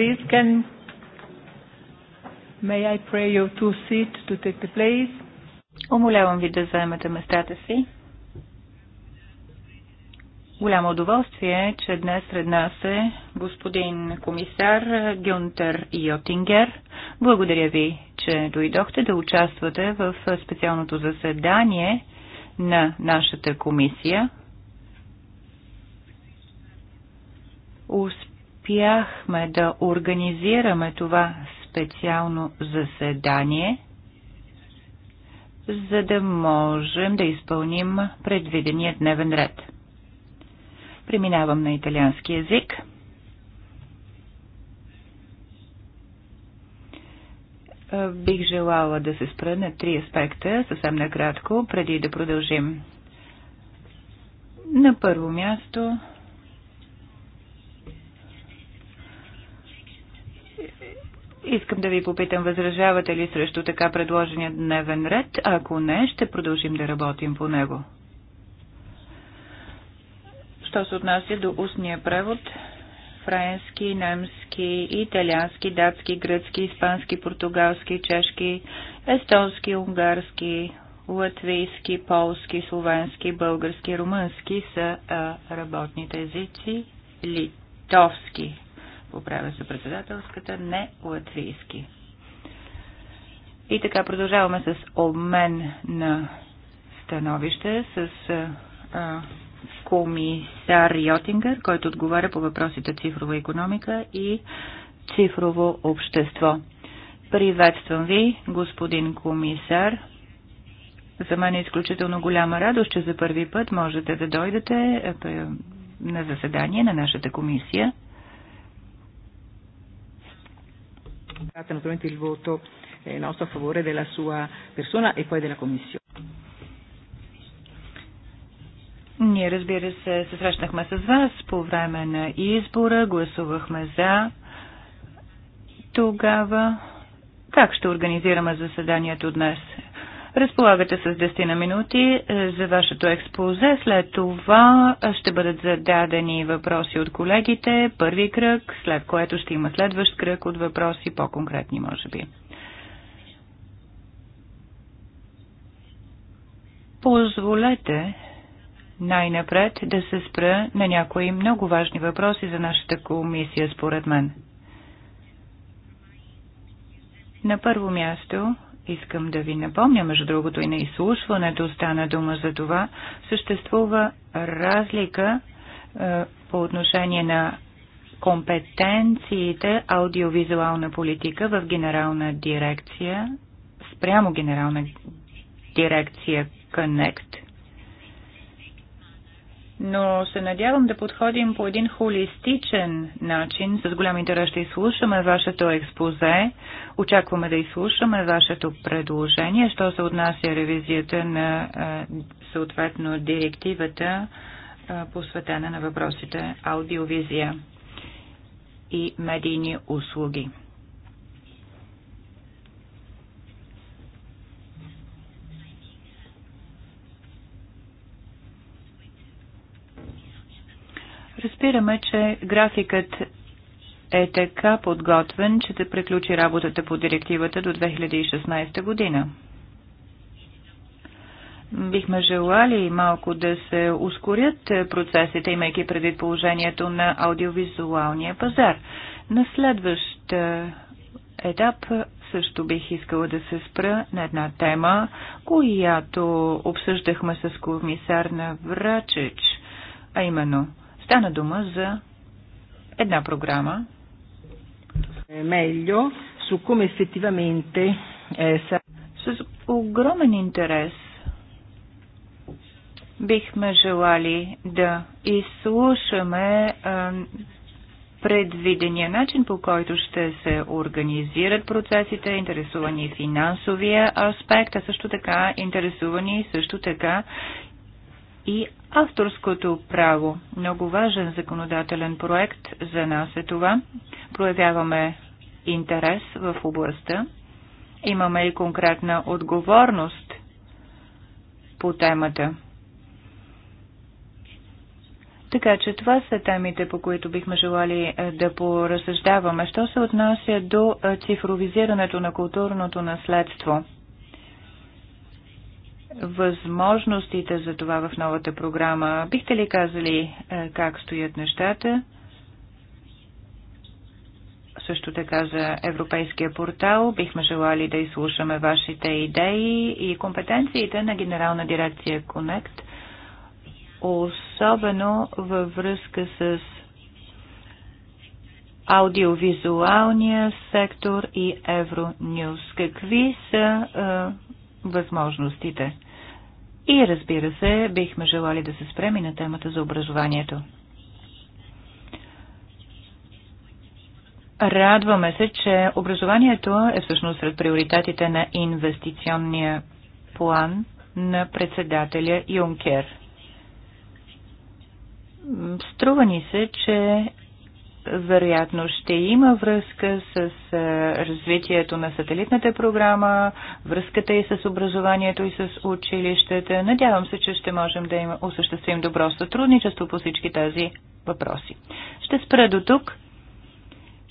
Please can may I pray you to sit to take the place? Умолявам ви да заемете местата си. Голямо удоволствие, че днес сред нас е господин комисар Гюнтер Йотингер. Благодаря ви, че дойдохте да участвате в специалното заседание на нашата комисия. Успех успяхме да организираме това специално заседание, за да можем да изпълним предвидения дневен ред. Преминавам на италиански язик. Бих желала да се спра на три аспекта, съвсем накратко, преди да продължим. На първо място Искам да ви попитам, възражавате ли срещу така предложения дневен ред? Ако не, ще продължим да работим по него. Що се отнася до устния превод, френски, немски, италиански, датски, гръцки, испански, португалски, чешки, естонски, унгарски, латвийски, полски, словенски, български, румънски са а, работните езици, литовски поправя се председателската, не латвийски. И така продължаваме с обмен на становище с а, комисар Йотингер, който отговаря по въпросите цифрова економика и цифрово общество. Приветствам ви, господин комисар. За мен е изключително голяма радост, че за първи път можете да дойдете на заседание на нашата комисия. stato naturalmente il voto eh, nostro a favore della sua persona e poi della Commissione. Ние, разбира се, се срещнахме с вас по време на избора, гласувахме за. Тогава как ще организираме заседанието днес? Разполагате с 10 на минути е, за вашето експозе. След това е, ще бъдат зададени въпроси от колегите, първи кръг, след което ще има следващ кръг от въпроси, по-конкретни може би. Позволете най-напред да се спра на някои много важни въпроси за нашата комисия, според мен. На първо място Искам да ви напомня, между другото и на изслушването стана дума за това, съществува разлика е, по отношение на компетенциите аудиовизуална политика в генерална дирекция спрямо генерална дирекция Connect но се надявам да подходим по един холистичен начин. С голям интерес ще изслушаме вашето експозе. Очакваме да изслушаме вашето предложение, що се отнася ревизията на съответно директивата, посветена на въпросите аудиовизия и медийни услуги. спираме, че графикът е така подготвен, че да приключи работата по директивата до 2016 година. Бихме желали малко да се ускорят процесите, имайки предвид положението на аудиовизуалния пазар. На следващ е, етап също бих искала да се спра на една тема, която обсъждахме с комисар на Врачич, а именно – Стана дума за една програма. Е, Meglio su come effettivamente е, С огромен интерес бихме желали да изслушаме предвидения начин, по който ще се организират процесите, интересувани финансовия аспект, а също така интересувани също така и Авторското право. Много важен законодателен проект за нас е това. Проявяваме интерес в областта. Имаме и конкретна отговорност по темата. Така че това са темите, по които бихме желали е, да поразсъждаваме. Що се отнася до е, цифровизирането на културното наследство? възможностите за това в новата програма? Бихте ли казали е, как стоят нещата? също така за Европейския портал. Бихме желали да изслушаме вашите идеи и компетенциите на Генерална дирекция Connect, особено във връзка с аудиовизуалния сектор и Евронюс. Какви са е, възможностите? И разбира се, бихме желали да се спреми на темата за образованието. Радваме се, че образованието е всъщност сред приоритетите на инвестиционния план на председателя Юнкер. Струва ни се, че вероятно ще има връзка с развитието на сателитната програма, връзката и с образованието и с училищата. Надявам се, че ще можем да им осъществим добро сътрудничество по всички тези въпроси. Ще спра до тук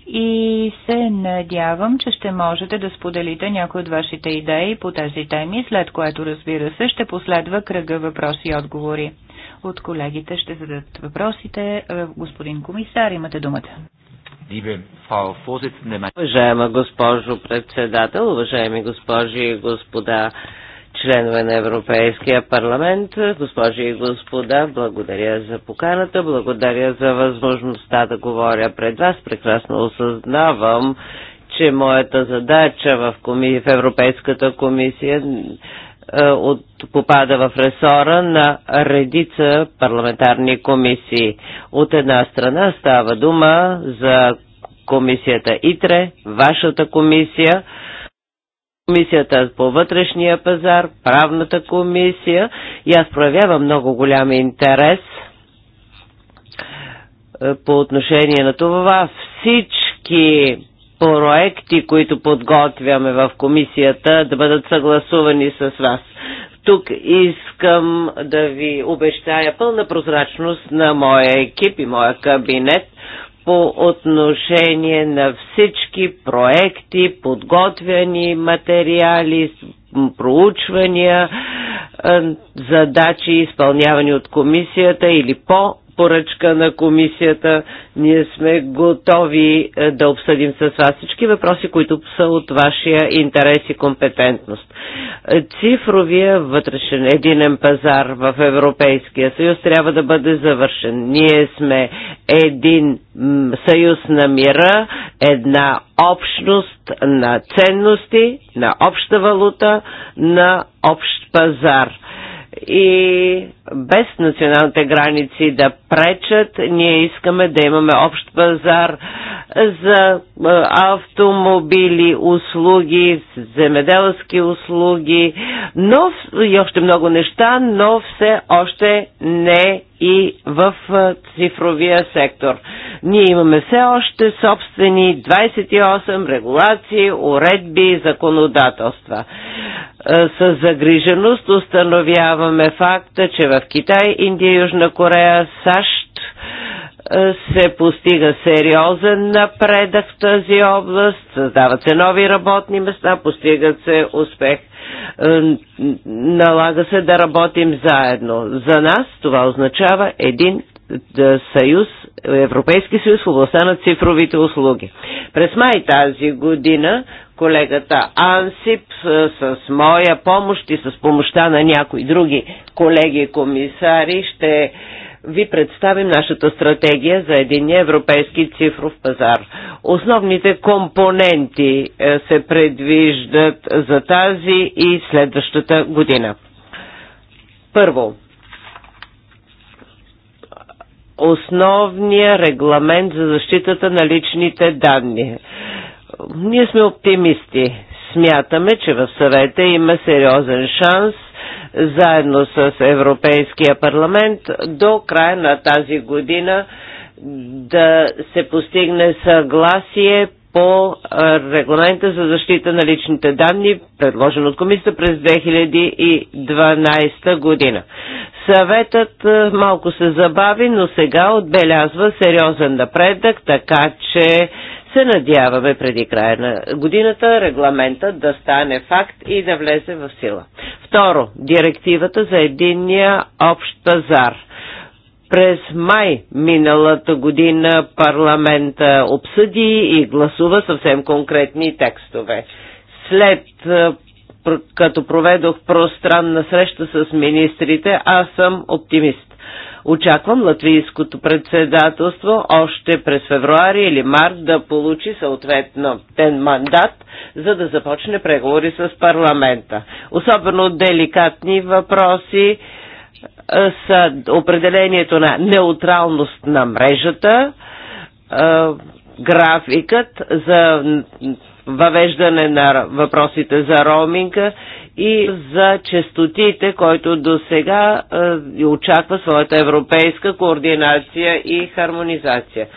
и се надявам, че ще можете да споделите някои от вашите идеи по тези теми, след което, разбира се, ще последва кръга въпроси и отговори от колегите ще зададат въпросите. Е, господин комисар, имате думата. Уважаема госпожо председател, уважаеми госпожи и господа членове на Европейския парламент, госпожи и господа, благодаря за поканата, благодаря за възможността да говоря пред вас. Прекрасно осъзнавам, че моята задача в, коми... в Европейската комисия е, от, попада в ресора на редица парламентарни комисии. От една страна става дума за комисията ИТРЕ, вашата комисия, комисията по вътрешния пазар, правната комисия и аз проявявам много голям интерес е, по отношение на това всички проекти, които подготвяме в комисията, да бъдат съгласувани с вас. Тук искам да ви обещая пълна прозрачност на моя екип и моя кабинет по отношение на всички проекти, подготвяни материали, проучвания, задачи, изпълнявани от комисията или по поръчка на комисията. Ние сме готови е, да обсъдим с вас всички въпроси, които са от вашия интерес и компетентност. Е, цифровия вътрешен единен пазар в Европейския съюз трябва да бъде завършен. Ние сме един съюз на мира, една общност на ценности, на обща валута, на общ пазар и без националните граници да пречат. Ние искаме да имаме общ пазар за автомобили, услуги, земеделски услуги, но и още много неща, но все още не и в цифровия сектор. Ние имаме все още собствени 28 регулации, уредби и законодателства. С загриженост установяваме факта, че в Китай, Индия, Южна Корея, САЩ САЩ се постига сериозен напредък в тази област, създават се нови работни места, постигат се успех. Налага се да работим заедно. За нас това означава един съюз, Европейски съюз в областта на цифровите услуги. През май тази година колегата Ансип с, с моя помощ и с помощта на някои други колеги комисари ще ви представим нашата стратегия за един европейски цифров пазар. Основните компоненти е, се предвиждат за тази и следващата година. Първо, основния регламент за защитата на личните данни. Ние сме оптимисти. Смятаме, че в съвета има сериозен шанс заедно с Европейския парламент до края на тази година да се постигне съгласие по регламента за защита на личните данни, предложен от комисията през 2012 година. Съветът малко се забави, но сега отбелязва сериозен напредък, така че се надяваме преди края на годината регламентът да стане факт и да влезе в сила. Второ, директивата за единния общ пазар. През май миналата година парламента обсъди и гласува съвсем конкретни текстове. След е, като проведох пространна среща с министрите, аз съм оптимист. Очаквам латвийското председателство още през февруари или март да получи съответно тен мандат, за да започне преговори с парламента. Особено деликатни въпроси е, са определението на неутралност на мрежата, е, графикът за въвеждане на въпросите за роуминга и за честотите, който до сега е, очаква своята европейска координация и хармонизация.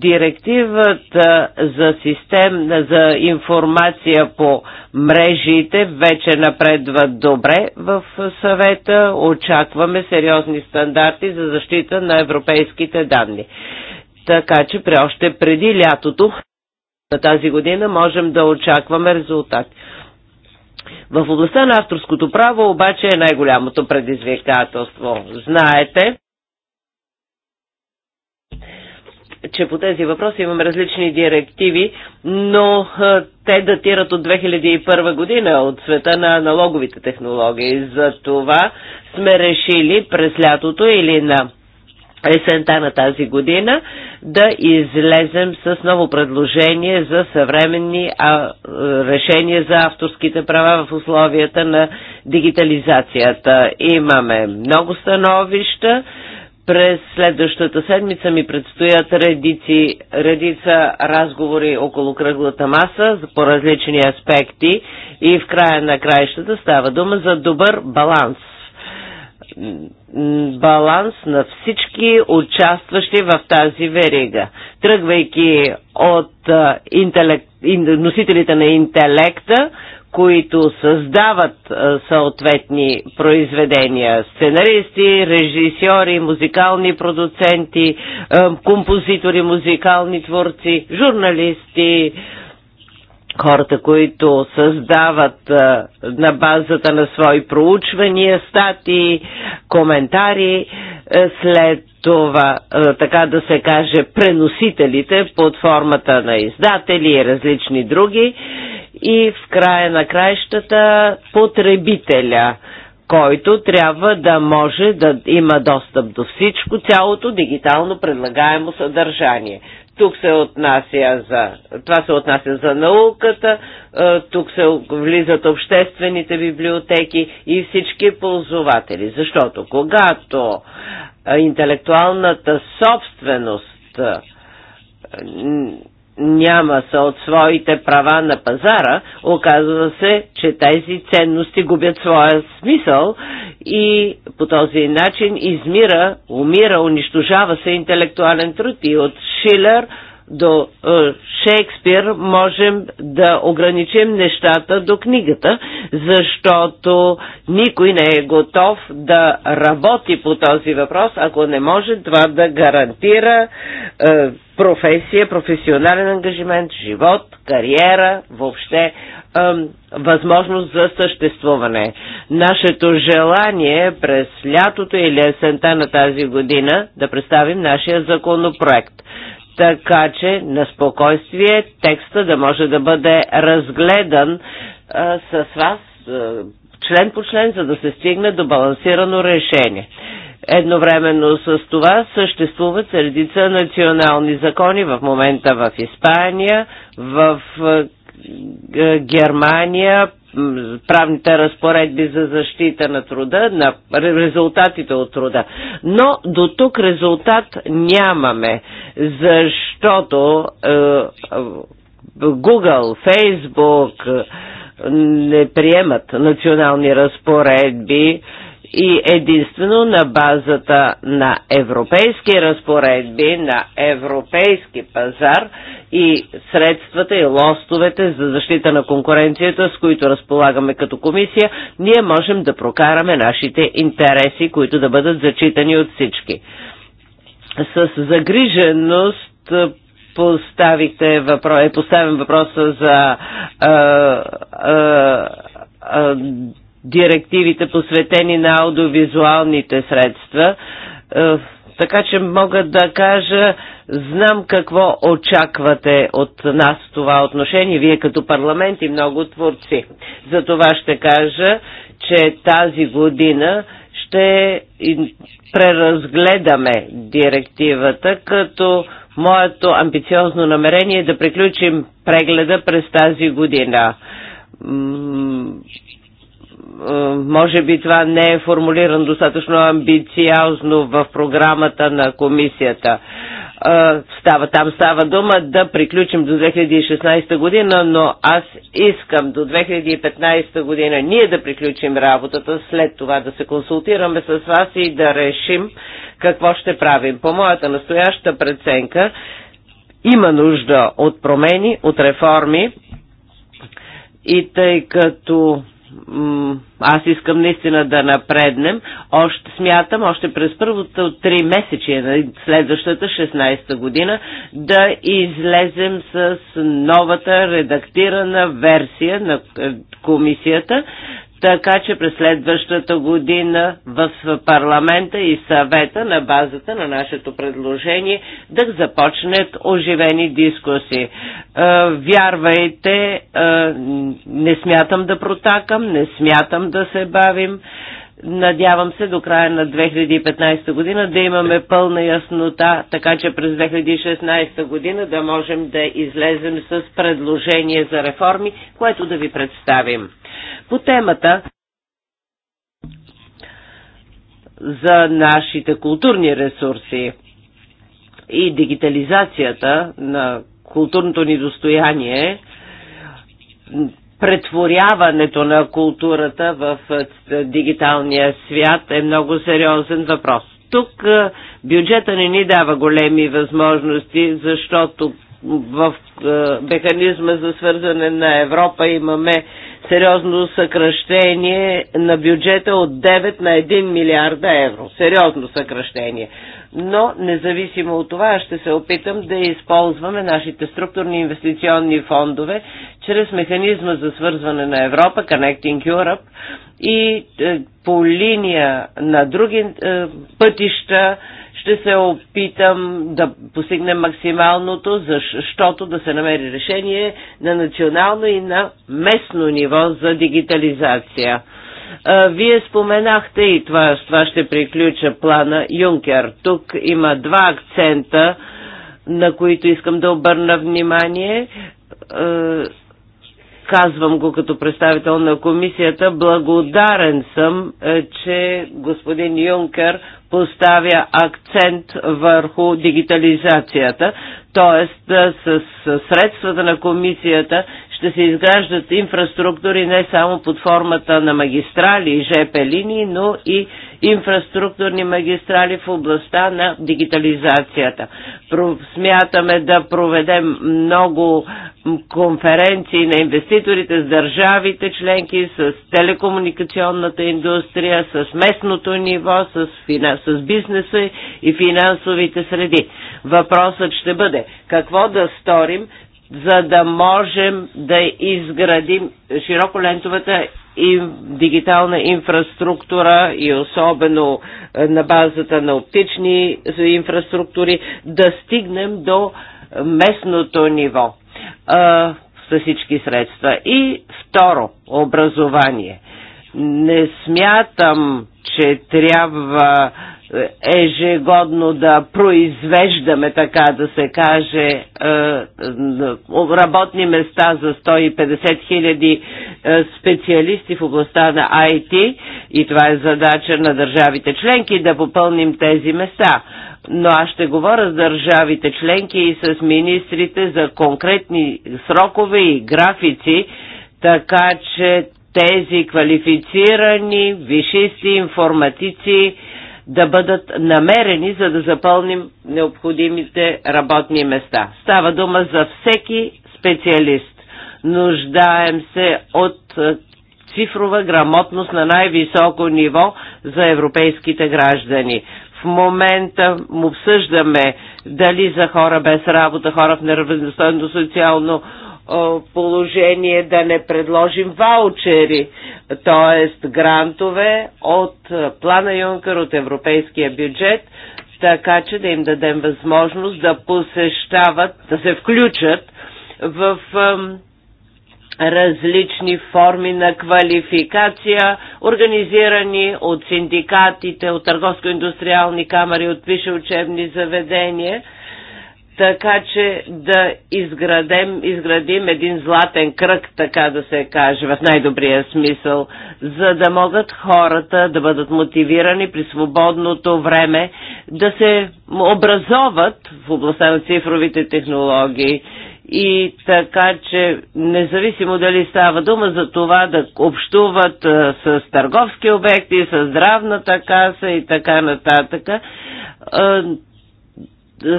Директивата за систем за информация по мрежите вече напредва добре в съвета. Очакваме сериозни стандарти за защита на европейските данни. Така че при още преди лятото тази година можем да очакваме резултати. В областта на авторското право обаче е най-голямото предизвикателство. Знаете, че по тези въпроси имаме различни директиви, но те датират от 2001 година, от света на аналоговите технологии. За това сме решили през лятото или на есента на тази година да излезем с ново предложение за съвременни а, е, решения за авторските права в условията на дигитализацията. Имаме много становища. През следващата седмица ми предстоят редици, редица разговори около кръглата маса по различни аспекти и в края на краищата става дума за добър баланс баланс на всички участващи в тази верига. Тръгвайки от носителите на интелекта, които създават съответни произведения. Сценаристи, режисьори, музикални продуценти, композитори, музикални творци, журналисти, хората, които създават а, на базата на свои проучвания, статии, коментари, е, след това, а, е, така да се каже, преносителите под формата на издатели и различни други и в края на краищата потребителя който трябва да може да има достъп до всичко, цялото дигитално предлагаемо съдържание. Тук се отнася за, това се отнася за науката, е, тук се влизат обществените библиотеки и всички ползователи. Защото когато е, интелектуалната собственост е, няма са от своите права на пазара, оказва се, че тези ценности губят своя смисъл и по този начин измира, умира, унищожава се интелектуален труд и от Шилер до е, Шекспир можем да ограничим нещата до книгата, защото никой не е готов да работи по този въпрос, ако не може това да гарантира е, професия, професионален ангажимент, живот, кариера, въобще възможност за съществуване. Нашето желание през лятото или есента на тази година да представим нашия законопроект така че на спокойствие текста да може да бъде разгледан а, с вас а, член по член, за да се стигне до балансирано решение. Едновременно с това съществуват редица национални закони в момента в Испания, в Германия, правните разпоредби за защита на труда, на резултатите от труда. Но до тук резултат нямаме, защото е, Google, Facebook е, не приемат национални разпоредби, и единствено на базата на европейски разпоредби, на европейски пазар и средствата и лостовете за защита на конкуренцията, с които разполагаме като комисия, ние можем да прокараме нашите интереси, които да бъдат зачитани от всички. С загриженост поставихте въпрос, е поставен въпроса за а, а, а, директивите посветени на аудиовизуалните средства. Е, така че мога да кажа, знам какво очаквате от нас в това отношение, вие като парламент и много творци. За това ще кажа, че тази година ще преразгледаме директивата, като моето амбициозно намерение е да приключим прегледа през тази година е, може би това не е формулирано достатъчно амбициозно в програмата на комисията. Е, става, там става дума да приключим до 2016 година, но аз искам до 2015 година ние да приключим работата, след това да се консултираме с вас и да решим какво ще правим. По моята настояща преценка има нужда от промени, от реформи и тъй като аз искам наистина да напреднем. Още смятам, още през първото три месечи на следващата 16-та година да излезем с новата редактирана версия на е, комисията, така че през следващата година в парламента и съвета на базата на нашето предложение да започнат оживени дискусии. Е, вярвайте, е, не смятам да протакам, не смятам да се бавим. Надявам се до края на 2015 година да имаме пълна яснота, така че през 2016 година да можем да излезем с предложение за реформи, което да ви представим по темата за нашите културни ресурси и дигитализацията на културното ни достояние, претворяването на културата в дигиталния свят е много сериозен въпрос. Тук бюджета не ни дава големи възможности, защото в е, механизма за свързване на Европа имаме сериозно съкръщение на бюджета от 9 на 1 милиарда евро. Сериозно съкръщение. Но независимо от това, ще се опитам да използваме нашите структурни инвестиционни фондове чрез механизма за свързване на Европа, Connecting Europe, и е, по линия на други е, пътища ще се опитам да постигнем максималното, защото да се намери решение на национално и на местно ниво за дигитализация. Вие споменахте и това, това ще приключа плана Юнкер. Тук има два акцента, на които искам да обърна внимание Казвам го като представител на комисията. Благодарен съм, е, че господин Юнкер поставя акцент върху дигитализацията, т.е. с средствата на комисията ще се изграждат инфраструктури не само под формата на магистрали и ЖП линии, но и инфраструктурни магистрали в областта на дигитализацията. Смятаме да проведем много конференции на инвеститорите с държавите членки, с телекомуникационната индустрия, с местното ниво, с, финанс, с бизнеса и финансовите среди. Въпросът ще бъде какво да сторим, за да можем да изградим широколентовата и дигитална инфраструктура и особено е, на базата на оптични инфраструктури да стигнем до местното ниво с всички средства. И второ, образование. Не смятам, че трябва ежегодно да произвеждаме, така да се каже, е, е, работни места за 150 хиляди е, специалисти в областта на IT и това е задача на държавите членки да попълним тези места. Но аз ще говоря с държавите членки и с министрите за конкретни срокове и графици, така че тези квалифицирани вишисти информатици, да бъдат намерени, за да запълним необходимите работни места. Става дума за всеки специалист. Нуждаем се от е, цифрова грамотност на най-високо ниво за европейските граждани. В момента му обсъждаме дали за хора без работа, хора в неравностойно социално положение да не предложим ваучери, т.е. грантове от плана Юнкър, от европейския бюджет, така че да им дадем възможност да посещават, да се включат в различни форми на квалификация, организирани от синдикатите, от търговско-индустриални камери, от висше учебни заведения – така че да изградем, изградим един златен кръг, така да се каже, в най-добрия смисъл, за да могат хората да бъдат мотивирани при свободното време да се образоват в областта на цифровите технологии и така, че независимо дали става дума за това да общуват с търговски обекти, с здравната каса и така нататък,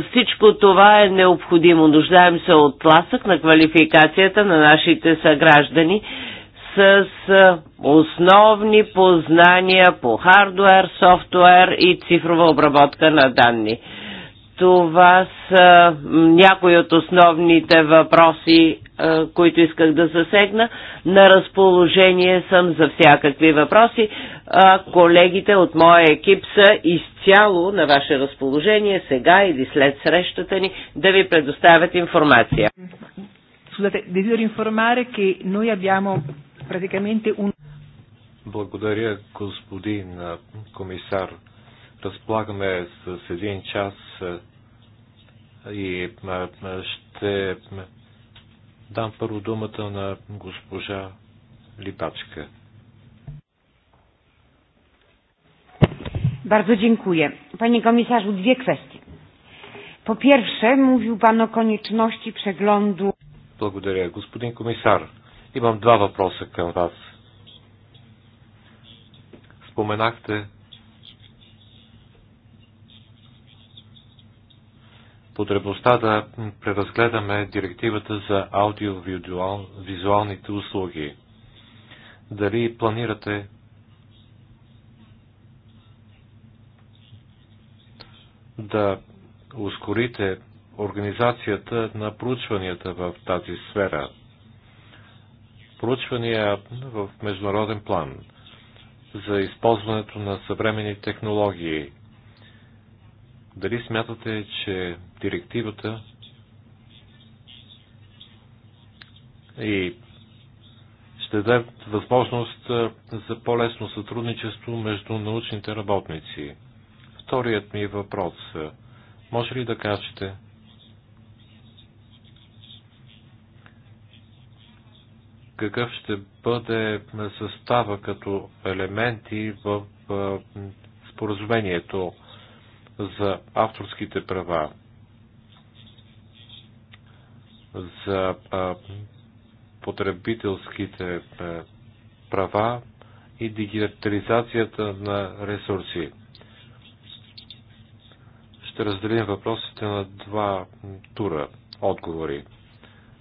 всичко това е необходимо. Нуждаем се от тласък на квалификацията на нашите съграждани с основни познания по хардуер, софтуер и цифрова обработка на данни. Това са някои от основните въпроси, които исках да засегна. На разположение съм за всякакви въпроси колегите от моя екип са изцяло на ваше разположение сега или след срещата ни да ви предоставят информация. Благодаря, господин комисар. Разполагаме с един час и ще дам първо думата на госпожа Липачка. Bardzo dziękuję. Panie komisarzu, dwie kwestie. Po pierwsze, mówił Pan o konieczności przeglądu. Благодаря, господин комисар. Имам два въпроса към вас. Споменахте потребността да преразгледаме директивата за аудиовизуалните услуги. Дали планирате да ускорите организацията на проучванията в тази сфера. Проучвания в международен план за използването на съвремени технологии. Дали смятате, че директивата и ще даде възможност за по-лесно сътрудничество между научните работници? вторият ми въпрос. Може ли да кажете? Какъв ще бъде състава като елементи в споразумението за авторските права, за потребителските права и дигитализацията на ресурси ще разделим въпросите на два тура отговори.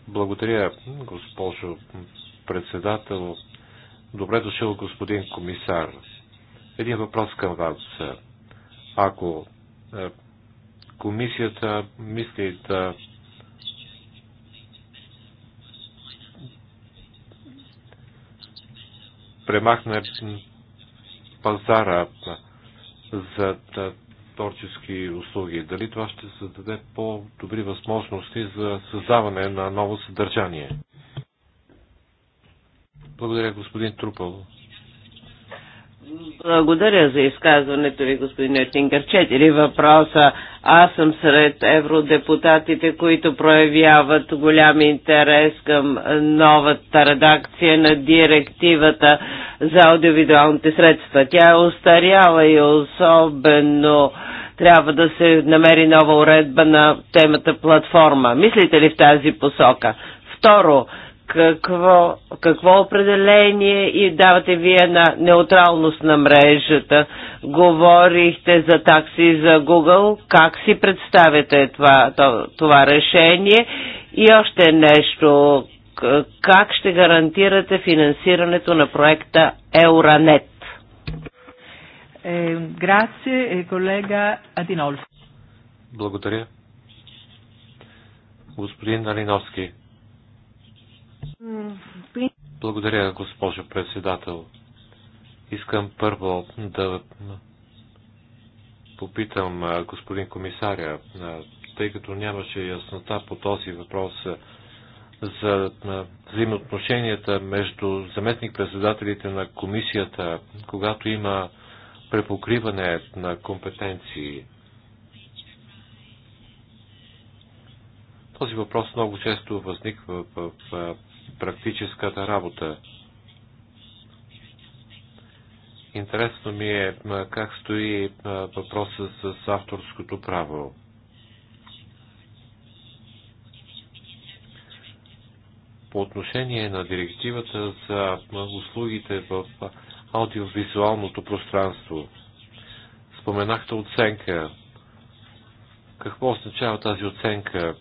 Благодаря, госпожо председател. Добре дошъл, господин комисар. Един въпрос към вас. Ако е, комисията мисли да премахне пазара за да творчески услуги. Дали това ще създаде по-добри възможности за създаване на ново съдържание? Благодаря, господин Трупал. Благодаря за изказването ви, господин Етингър. Четири въпроса. Аз съм сред евродепутатите, които проявяват голям интерес към новата редакция на директивата за аудиовидуалните средства. Тя е устаряла и особено трябва да се намери нова уредба на темата платформа. Мислите ли в тази посока? Второ, какво, какво определение и давате вие на неутралност на мрежата. Говорихте за такси за Google. Как си представяте това, това решение? И още нещо. Как ще гарантирате финансирането на проекта Euronet? Е, грация, е, колега Адинолф. Благодаря. Господин Алиновски. Благодаря, госпожо председател. Искам първо да попитам господин комисаря, тъй като нямаше яснота по този въпрос за взаимоотношенията между заместник-председателите на комисията, когато има препокриване на компетенции. Този въпрос много често възниква в практическата работа. Интересно ми е как стои въпроса с авторското право. По отношение на директивата за услугите в аудиовизуалното пространство, споменахте оценка. Какво означава тази оценка?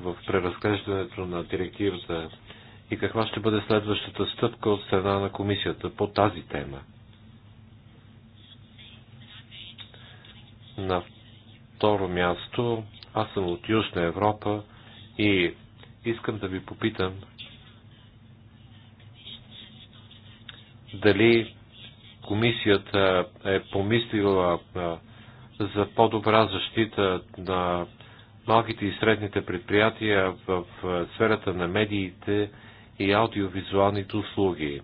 в преразглеждането на директивата и каква ще бъде следващата стъпка от страна на комисията по тази тема? На второ място, аз съм от Южна Европа и искам да ви попитам дали комисията е помислила за по-добра защита на малките и средните предприятия в сферата на медиите и аудиовизуалните услуги,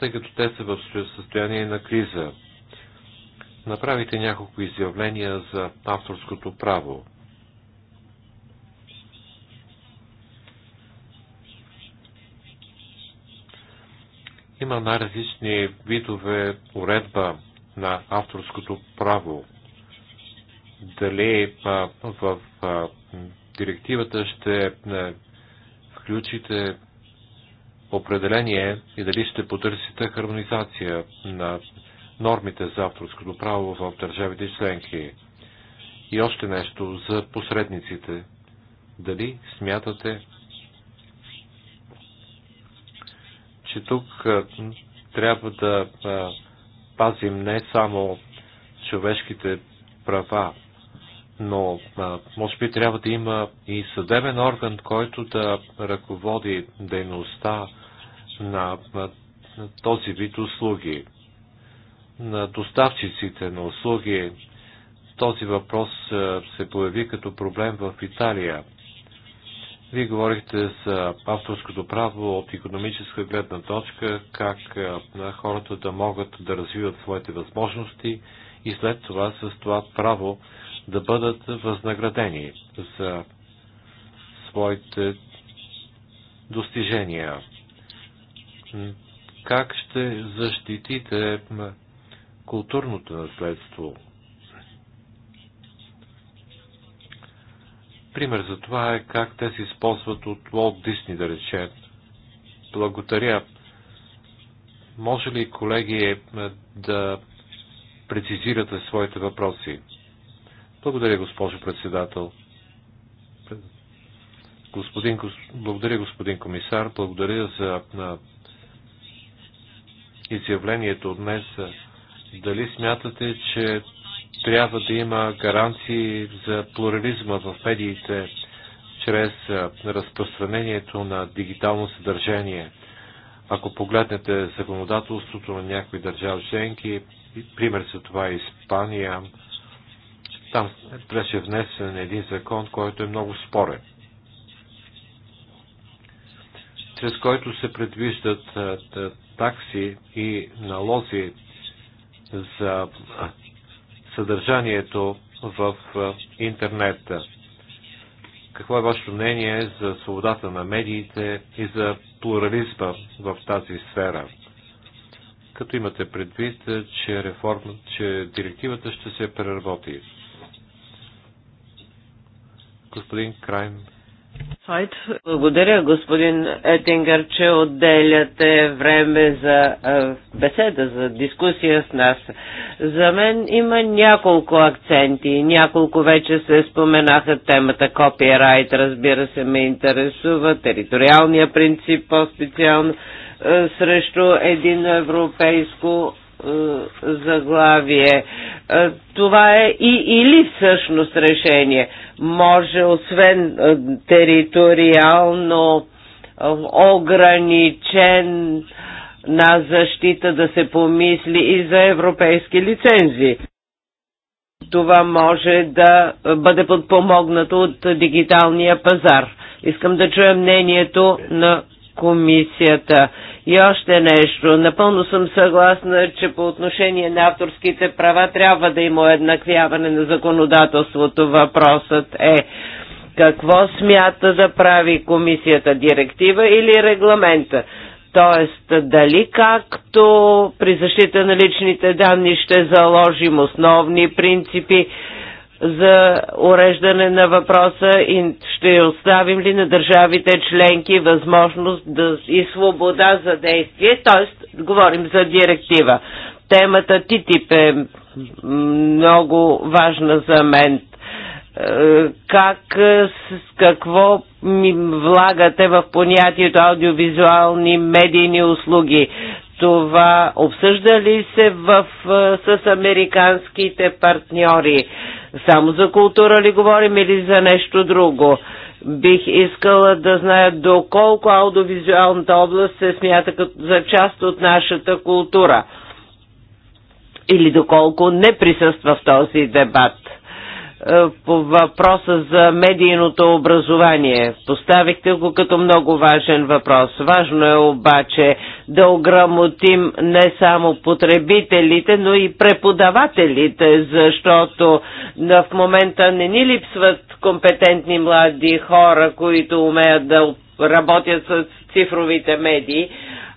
тъй като те са в състояние на криза. Направите няколко изявления за авторското право. Има най-различни видове уредба на авторското право – дали в директивата ще включите определение и дали ще потърсите хармонизация на нормите за авторското право в държавите членки. И още нещо за посредниците. Дали смятате, че тук трябва да пазим не само човешките права, но а, може би трябва да има и съдебен орган, който да ръководи дейността на, на, на този вид услуги. На доставчиците на услуги този въпрос а, се появи като проблем в Италия. Вие говорихте за авторското право от економическа гледна точка, как а, хората да могат да развиват своите възможности и след това с това право да бъдат възнаградени за своите достижения. Как ще защитите културното наследство? Пример за това е как те се използват от Walt Disney, да рече. Благодаря. Може ли, колеги, да прецизирате своите въпроси? Благодаря, госпожо председател. Господин, благодаря, господин комисар. Благодаря за на изявлението днес. Дали смятате, че трябва да има гаранции за плурализма в медиите чрез разпространението на дигитално съдържание? Ако погледнете законодателството на някои държави членки, пример за това е Испания, там беше внесен един закон, който е много спорен, чрез който се предвиждат такси и налози за съдържанието в интернет. Какво е вашето мнение за свободата на медиите и за плурализма в тази сфера? Като имате предвид, че, реформ, че директивата ще се преработи господин Крайн. Благодаря, господин Етингър, че отделяте време за беседа, за дискусия с нас. За мен има няколко акценти, няколко вече се споменаха темата копирайт, разбира се, ме интересува, териториалния принцип по-специално срещу един европейско е, заглавие. Е, това е и или всъщност решение. Може освен е, териториално ограничен на защита да се помисли и за европейски лицензии. Това може да бъде подпомогнато от дигиталния пазар. Искам да чуя мнението на комисията. И още нещо. Напълно съм съгласна, че по отношение на авторските права трябва да има еднаквяване на законодателството. Въпросът е какво смята да прави комисията, директива или регламента. Тоест, дали както при защита на личните данни ще заложим основни принципи, за уреждане на въпроса и ще оставим ли на държавите членки възможност да и свобода за действие, т.е. говорим за директива. Темата ТИТИП е много важна за мен. Е, как, с какво ми влагате в понятието аудиовизуални медийни услуги? Това обсъжда ли се в, е, с американските партньори? Само за култура ли говорим или за нещо друго? Бих искала да зная доколко аудиовизуалната област се смята за част от нашата култура или доколко не присъства в този дебат. Е, по въпроса за медийното образование. Поставихте го като много важен въпрос. Важно е обаче да ограмотим не само потребителите, но и преподавателите, защото е, в момента не ни липсват компетентни млади хора, които умеят да работят с цифровите медии,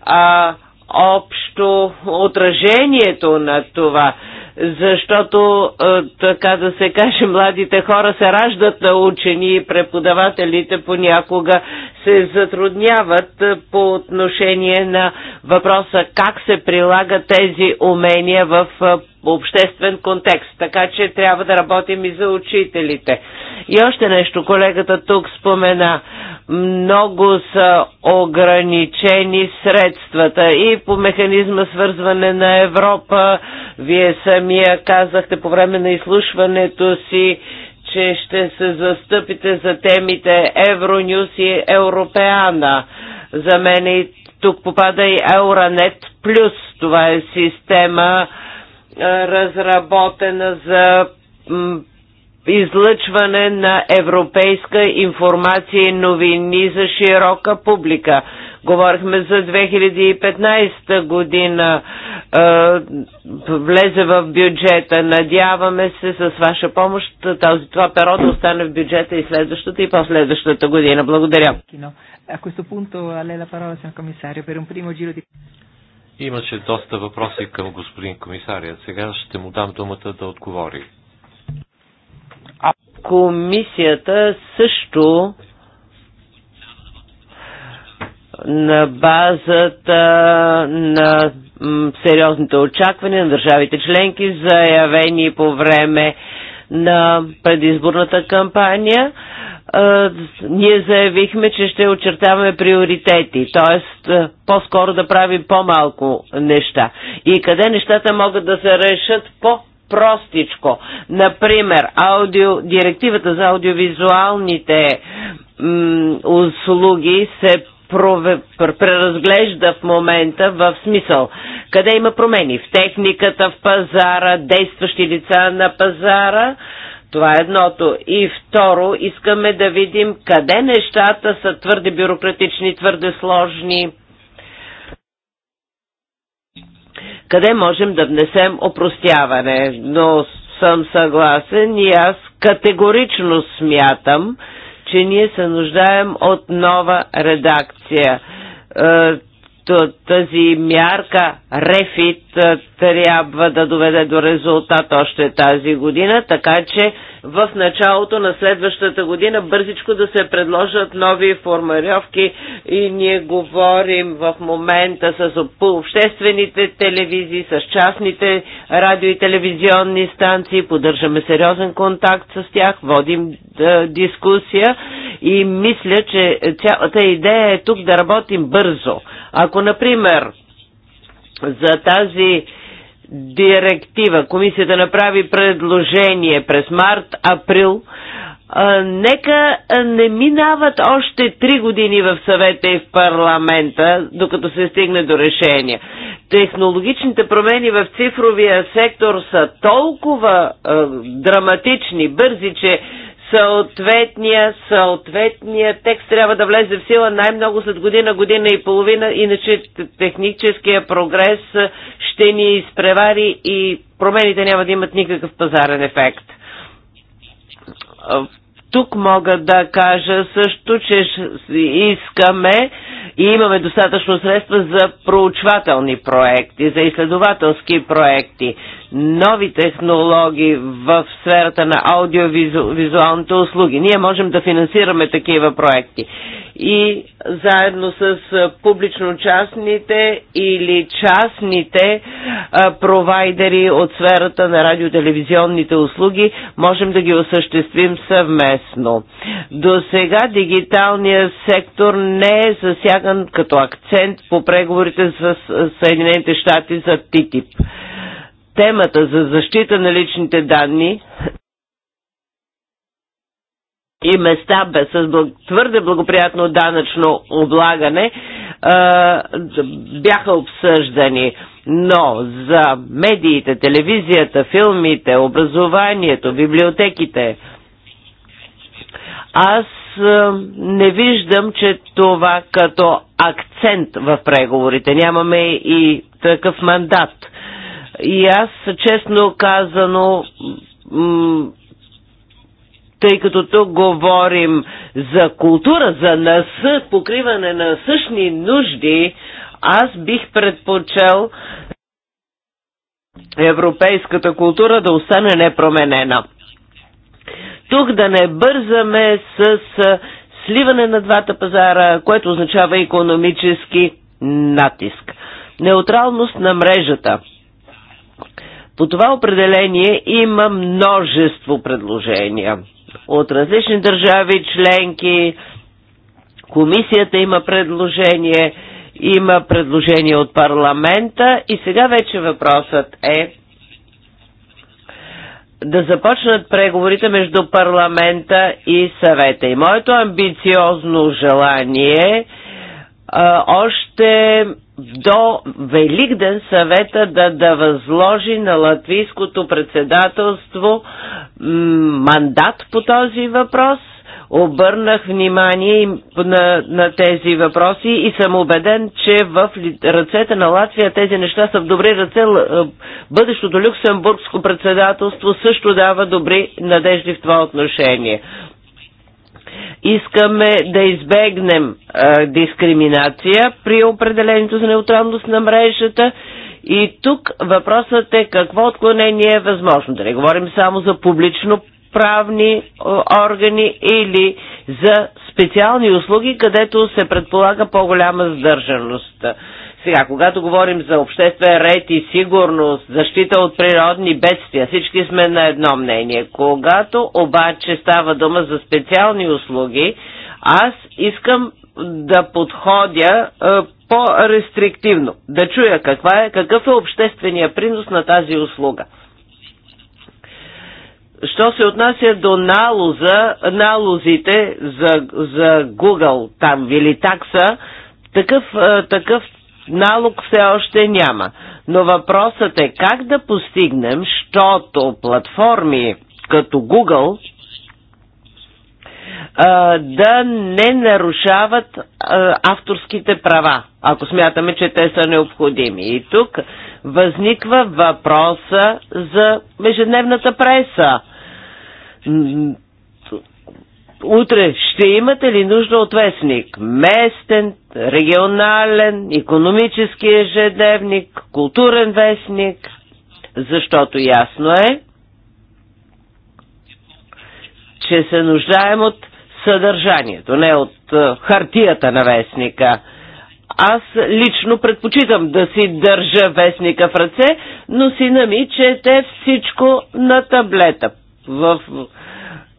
а общо отражението на това защото, е, така да се каже, младите хора се раждат на учени и преподавателите понякога се затрудняват е, по отношение на въпроса как се прилагат тези умения в е, обществен контекст. Така че трябва да работим и за учителите. И още нещо, колегата тук спомена. Много са ограничени средствата и по механизма свързване на Европа. Вие самия казахте по време на изслушването си, че ще се застъпите за темите Евронюс и Европеана. За мен и тук попада и Euronet Плюс. Това е система, разработена за излъчване на европейска информация и новини за широка публика. Говорихме за 2015 година. Влезе в бюджета. Надяваме се с ваша помощ този, това перо да остане в бюджета и следващата и последващата година. Благодаря. Имаше доста въпроси към господин комисария. Сега ще му дам думата да отговори. Комисията също на базата на сериозните очаквания на държавите членки, заявени по време на предизборната кампания е, ние заявихме, че ще очертаваме приоритети, т.е. по-скоро да правим по-малко неща. И къде нещата могат да се решат по простичко. Например, аудио, директивата за аудиовизуалните услуги се преразглежда в момента в смисъл, къде има промени в техниката, в пазара, действащи лица на пазара. Това е едното. И второ, искаме да видим къде нещата са твърде бюрократични, твърде сложни. Къде можем да внесем опростяване? Но съм съгласен и аз категорично смятам, че ние се нуждаем от нова редакция. Е, тази мярка Рефит трябва да доведе до резултат още тази година, така че в началото на следващата година бързичко да се предложат нови формировки и ние говорим в момента с обществените телевизии, с частните радио и телевизионни станции, поддържаме сериозен контакт с тях, водим да, дискусия и мисля, че цялата идея е тук да работим бързо. Ако, например, за тази директива. Комисията направи предложение през март-април. Нека не минават още три години в съвета и в парламента, докато се стигне до решение. Технологичните промени в цифровия сектор са толкова е, драматични, бързи, че съответния, съответния текст трябва да влезе в сила най-много след година, година и половина, иначе техническия прогрес ще ни изпревари и промените няма да имат никакъв пазарен ефект. Тук мога да кажа също, че искаме и имаме достатъчно средства за проучвателни проекти, за изследователски проекти нови технологии в сферата на аудиовизуалните услуги. Ние можем да финансираме такива проекти. И заедно с публично-частните или частните а, провайдери от сферата на радиотелевизионните услуги можем да ги осъществим съвместно. До сега дигиталният сектор не е засяган като акцент по преговорите с Съединените щати за ТИТИП темата за защита на личните данни и места без, с твърде благоприятно данъчно облагане бяха обсъждани. Но за медиите, телевизията, филмите, образованието, библиотеките, аз не виждам, че това като акцент в преговорите. Нямаме и такъв мандат. И аз, честно казано, тъй като тук говорим за култура, за нас, покриване на същни нужди, аз бих предпочел европейската култура да остане непроменена. Тук да не бързаме с сливане на двата пазара, което означава економически натиск. Неутралност на мрежата – по това определение има множество предложения от различни държави, членки. Комисията има предложение, има предложение от парламента и сега вече въпросът е да започнат преговорите между парламента и съвета. И моето амбициозно желание а, още до Великден съвета да, да възложи на латвийското председателство мандат по този въпрос. Обърнах внимание на, на тези въпроси и съм убеден, че в ръцете на Латвия тези неща са в добри ръце. Е, бъдещото люксембургско председателство също дава добри надежди в това отношение. Искаме да избегнем а, дискриминация при определението за неутралност на мрежата и тук въпросът е какво отклонение е възможно. Да не говорим само за публично правни органи или за специални услуги, където се предполага по-голяма задържаност. Сега, когато говорим за обществен ред и сигурност, защита от природни бедствия, всички сме на едно мнение. Когато обаче става дума за специални услуги, аз искам да подходя е, по-рестриктивно, да чуя каква е, какъв е обществения принос на тази услуга. Що се отнася до налоза, налозите за, за Google там или такса, такъв, е, такъв налог все още няма. Но въпросът е как да постигнем, щото платформи като Google да не нарушават авторските права, ако смятаме, че те са необходими. И тук възниква въпроса за ежедневната преса утре ще имате ли нужда от вестник? Местен, регионален, економически ежедневник, културен вестник, защото ясно е, че се нуждаем от съдържанието, не от е, хартията на вестника. Аз лично предпочитам да си държа вестника в ръце, но сина ми чете всичко на таблета. В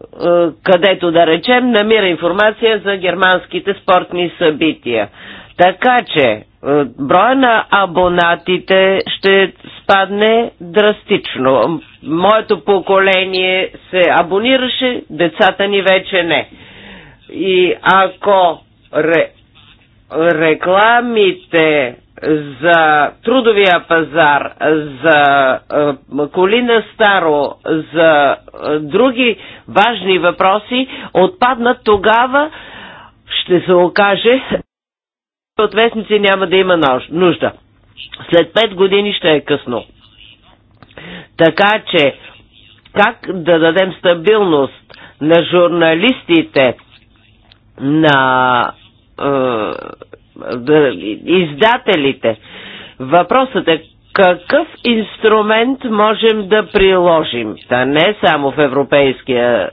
е, където да речем намира информация за германските спортни събития. Така че е, броя на абонатите ще спадне драстично. Моето поколение се абонираше, децата ни вече не. И ако ре, рекламите за трудовия пазар, за е, Колина Старо, за е, други важни въпроси отпаднат тогава, ще се окаже, от вестници няма да има нужда. След 5 години ще е късно. Така че, как да дадем стабилност на журналистите, на е, издателите. Въпросът е какъв инструмент можем да приложим, та не само в Европейския е,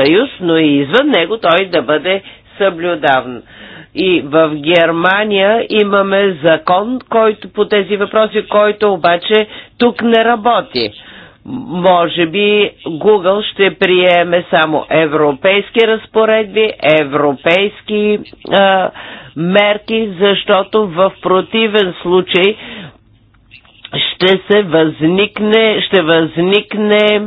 съюз, но и извън него той да бъде съблюдаван. И в Германия имаме закон който, по тези въпроси, който обаче тук не работи. Може би Google ще приеме само европейски разпоредби, европейски а, мерки, защото в противен случай ще се възникне, ще възникне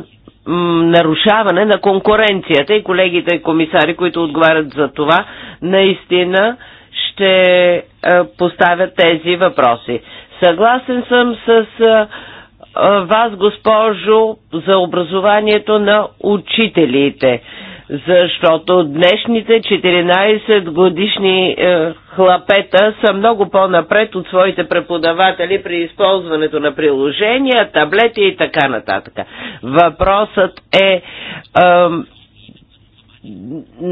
нарушаване на конкуренцията и колегите комисари, които отговарят за това, наистина ще поставят тези въпроси. Съгласен съм с вас, госпожо, за образованието на учителите, защото днешните 14 годишни е, хлапета са много по-напред от своите преподаватели при използването на приложения, таблети и така нататък. Въпросът е, е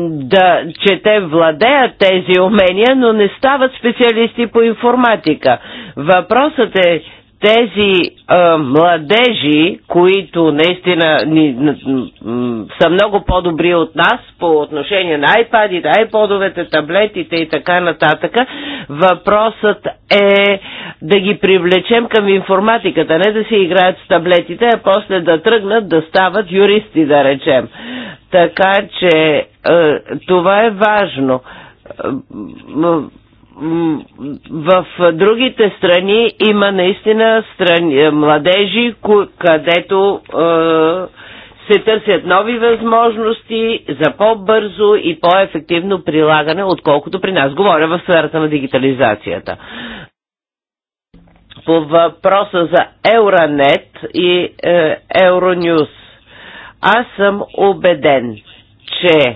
да, че те владеят тези умения, но не стават специалисти по информатика. Въпросът е, тези а, младежи, които наистина ни, са много по-добри от нас по отношение на iPad-ите, iPod-овете, таблетите и така нататък, въпросът е да ги привлечем към информатиката, не да си играят с таблетите, а после да тръгнат да стават юристи, да речем. Така че а, това е важно в другите страни има наистина страни, е, младежи, където е, се търсят нови възможности за по-бързо и по-ефективно прилагане, отколкото при нас. Говоря в сферата на дигитализацията. По въпроса за Euronet и е, Euronews, аз съм убеден, че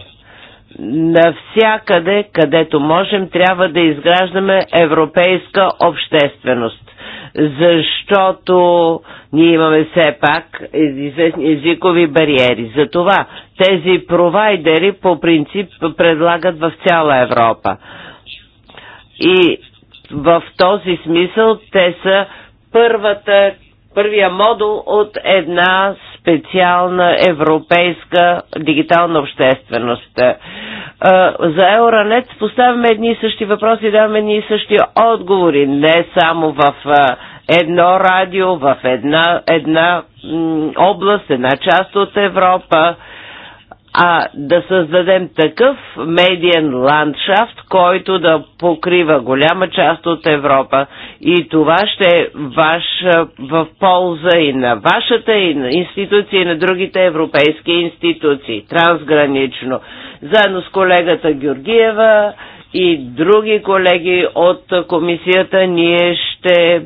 навсякъде, където можем, трябва да изграждаме европейска общественост. Защото ние имаме все пак известни езикови бариери. Затова тези провайдери по принцип предлагат в цяла Европа. И в този смисъл те са първата, първия модул от една специална европейска дигитална общественост. Е, за Евронет поставяме едни и същи въпроси, даваме едни и същи отговори, не само в е, едно радио, в една, една област, една част от Европа а да създадем такъв медиен ландшафт, който да покрива голяма част от Европа. И това ще е ваш, в полза и на вашата и на институция, и на другите европейски институции, трансгранично. Заедно с колегата Георгиева и други колеги от комисията ние ще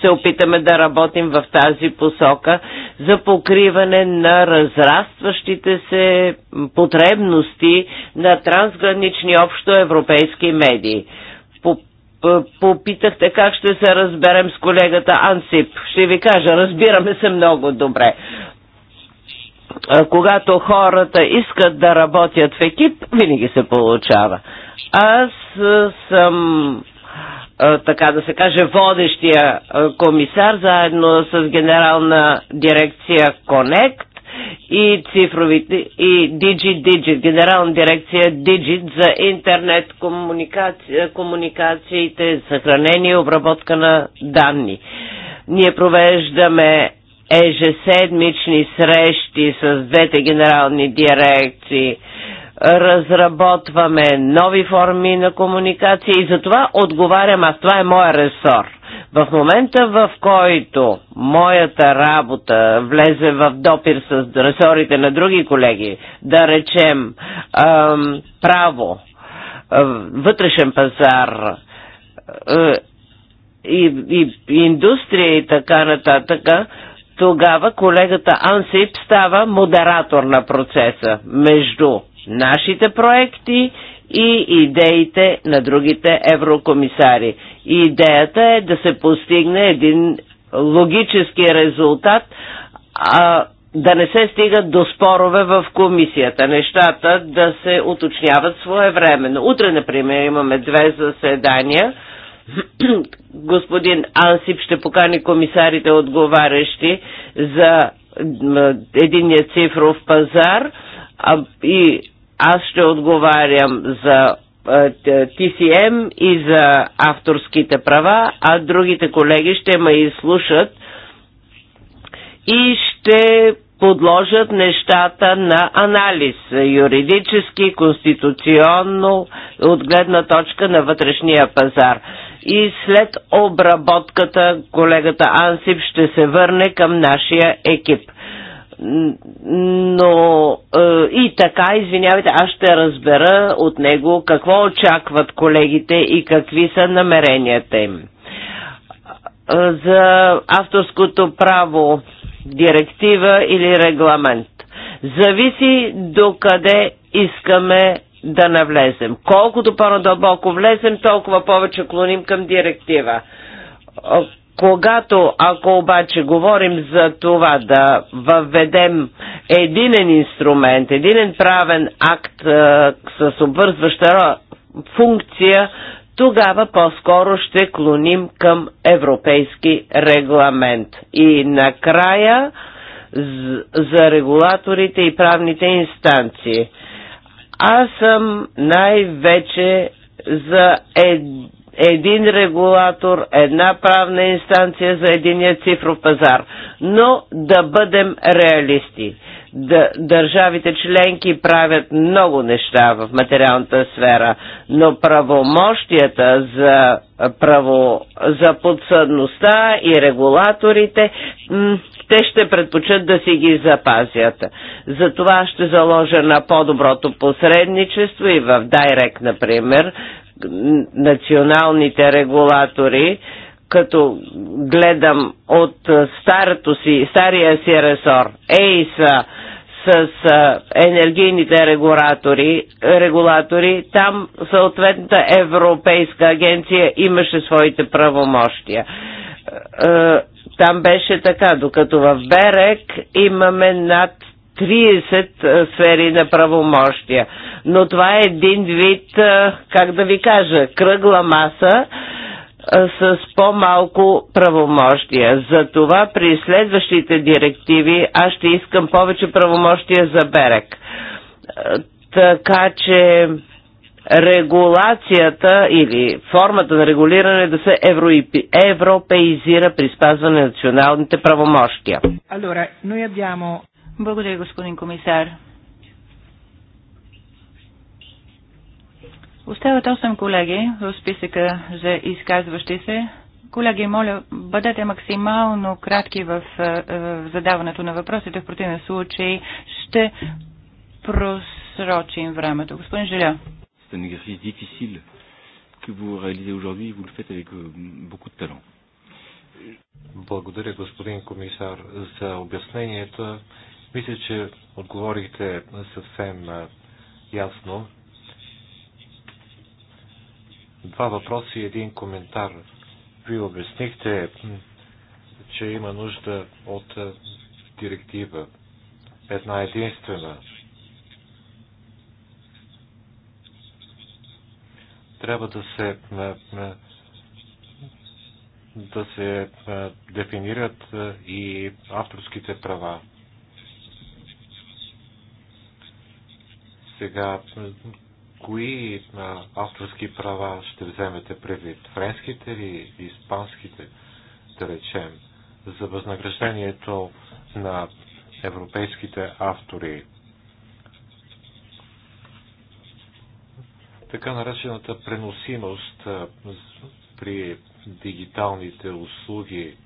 се опитаме да работим в тази посока за покриване на разрастващите се потребности на трансгранични общоевропейски медии. Попитахте как ще се разберем с колегата Ансип. Ще ви кажа, разбираме се много добре когато хората искат да работят в екип, винаги се получава. Аз съм така да се каже, водещия комисар, заедно с генерална дирекция Connect и цифровите, и Digit, Digit, генерална дирекция Digit за интернет комуникаци... комуникациите, съхранение и обработка на данни. Ние провеждаме ежеседмични срещи с двете генерални дирекции разработваме нови форми на комуникация и за това отговарям аз. Това е моя ресор. В момента, в който моята работа влезе в допир с ресорите на други колеги, да речем ам, право, вътрешен пазар и, и индустрия и така нататък, тогава колегата Ансип става модератор на процеса между нашите проекти и идеите на другите еврокомисари. Идеята е да се постигне един логически резултат, а да не се стигат до спорове в комисията, нещата да се уточняват своевременно. Утре, например, имаме две заседания. Господин Ансип ще покани комисарите, отговарящи за единия цифров пазар и аз ще отговарям за TCM и за авторските права, а другите колеги ще ме изслушат и ще подложат нещата на анализ юридически, конституционно, от гледна точка на вътрешния пазар. И след обработката колегата Ансип ще се върне към нашия екип но е, и така, извинявайте, аз ще разбера от него какво очакват колегите и какви са намеренията им. Е, за авторското право, директива или регламент. Зависи докъде искаме да навлезем. Колкото по-надълбоко влезем, толкова повече клоним към директива е, когато, ако обаче говорим за това да въведем единен инструмент, единен правен акт а, е, с обвързваща функция, тогава по-скоро ще клоним към европейски регламент. И накрая за регулаторите и правните инстанции. Аз съм най-вече за е, един регулатор, една правна инстанция за единия цифров пазар. Но да бъдем реалисти. Държавите членки правят много неща в материалната сфера, но правомощията за, право, за подсъдността и регулаторите те ще предпочат да си ги запазят. Затова ще заложа на по-доброто посредничество и в Дайрек, например, националните регулатори, като гледам от старото си, стария си ресор, ЕИСа, с енергийните регулатори, регулатори, там съответната Европейска агенция имаше своите правомощия. Там беше така, докато в Берек имаме над 30 сфери на правомощия. Но това е един вид, как да ви кажа, кръгла маса, с по-малко правомощия. Затова при следващите директиви аз ще искам повече правомощия за Берек. Така че регулацията или формата на регулиране да се европеизира при спазване на националните правомощия. Allora, noi abbiamo... Благодаря, господин комисар. Остават 8 колеги в списъка за изказващи се. Колеги, моля, бъдете максимално кратки в е, е, задаването на въпросите, в противен случай ще просрочим времето. Господин Желя. Euh, Благодаря, господин комисар, за обяснението. Мисля, че отговорихте съвсем ясно. Два въпроса и един коментар. Вие обяснихте, че има нужда от директива. Една единствена. Трябва да се да се дефинират и авторските права. Сега, кои авторски права ще вземете предвид? Френските или испанските, да речем, за възнаграждението на европейските автори? Така наречената преносимост при дигиталните услуги.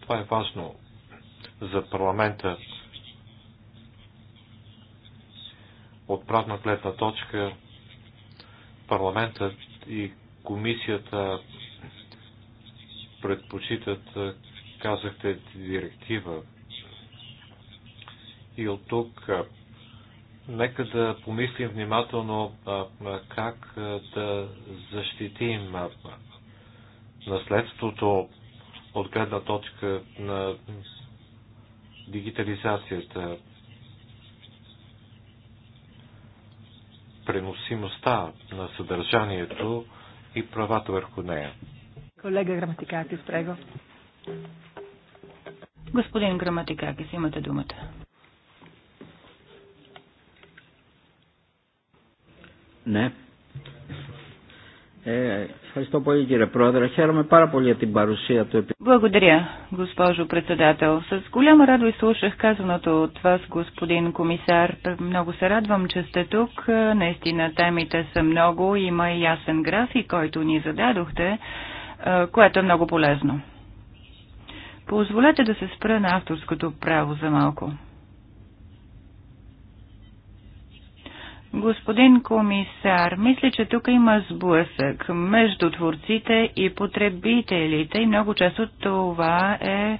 Това е важно за парламента От правна гледна точка парламентът и комисията предпочитат, казахте, директива. И от тук нека да помислим внимателно как да защитим наследството от гледна точка на дигитализацията. преносимостта на съдържанието и правата върху нея. Колега Граматикакис, прего. Господин Граматикакис, имате думата. Не. Ευχαριστώ πολύ κύριε Πρόεδρε. Χαίρομαι πάρα πολύ για την παρουσία του Благодаря, госпожо председател. С голяма радост слушах казаното от вас, господин комисар. Много се радвам, че сте тук. Е, наистина темите са много. Има и ясен график, който ни зададохте, е, което е много полезно. Позволете да се спра на авторското право за малко. Господин комисар, мисля, че тук има сблъсък между творците и потребителите и много често това е, е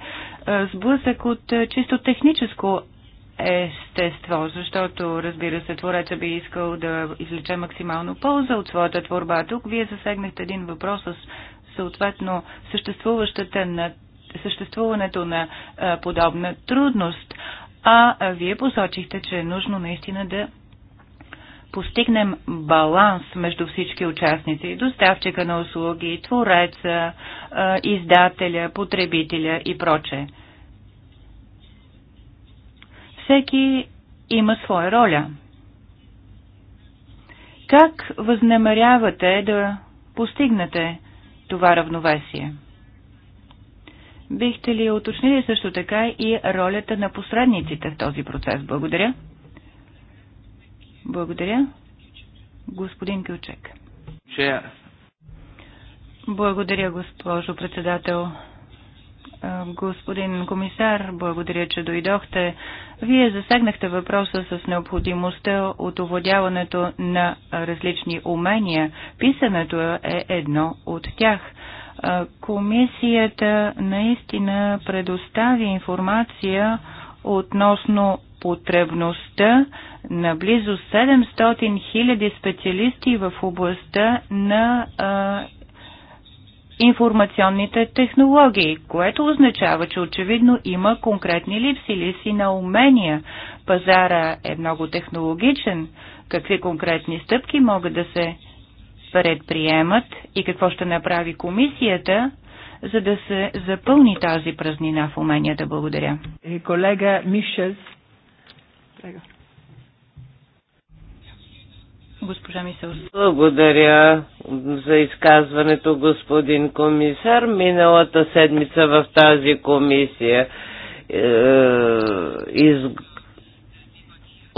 сблъсък от е, чисто техническо естество, защото, разбира се, твореца би искал да излече максимално полза от своята творба. Тук вие засегнахте един въпрос с съответно съществуващата на съществуването на а, е, подобна трудност. А, а вие посочихте, че е нужно наистина да постигнем баланс между всички участници, доставчика на услуги, твореца, е, издателя, потребителя и прочее. Всеки има своя роля. Как възнамерявате да постигнете това равновесие? Бихте ли уточнили също така и ролята на посредниците в този процес? Благодаря. Благодаря. Господин Кълчек. Благодаря, госпожо председател. Господин комисар, благодаря, че дойдохте. Вие засегнахте въпроса с необходимостта от овладяването на различни умения. Писането е едно от тях. Комисията наистина предостави информация относно потребността на близо 700 хиляди специалисти в областта на а, информационните технологии, което означава, че очевидно има конкретни липси, лиси на умения. Пазара е много технологичен. Какви конкретни стъпки могат да се предприемат и какво ще направи комисията, за да се запълни тази празнина в уменията. Благодаря. Колега Мишелс. Прега. Госпожа Мисел. Благодаря за изказването, господин комисар. Миналата седмица в тази комисия е, из,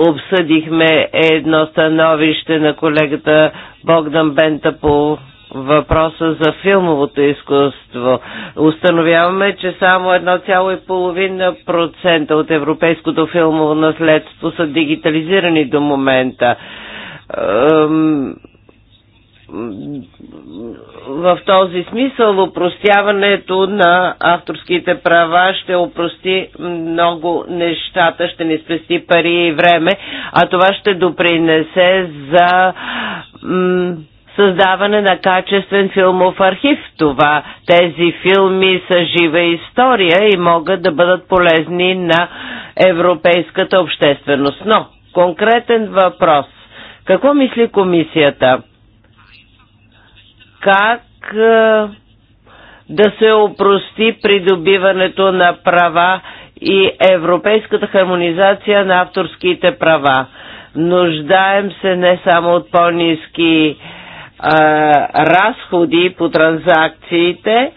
обсъдихме едно становище на колегата Богдан Бента по въпроса за филмовото изкуство. Установяваме, че само 1,5% от европейското филмово наследство са дигитализирани до момента в този смисъл упростяването на авторските права ще упрости много нещата, ще ни спести пари и време, а това ще допринесе за създаване на качествен филмов архив. Това тези филми са жива история и могат да бъдат полезни на европейската общественост. Но конкретен въпрос. Какво мисли комисията? Как е, да се опрости придобиването на права и европейската хармонизация на авторските права? Нуждаем се не само от по-низки разходи по транзакциите,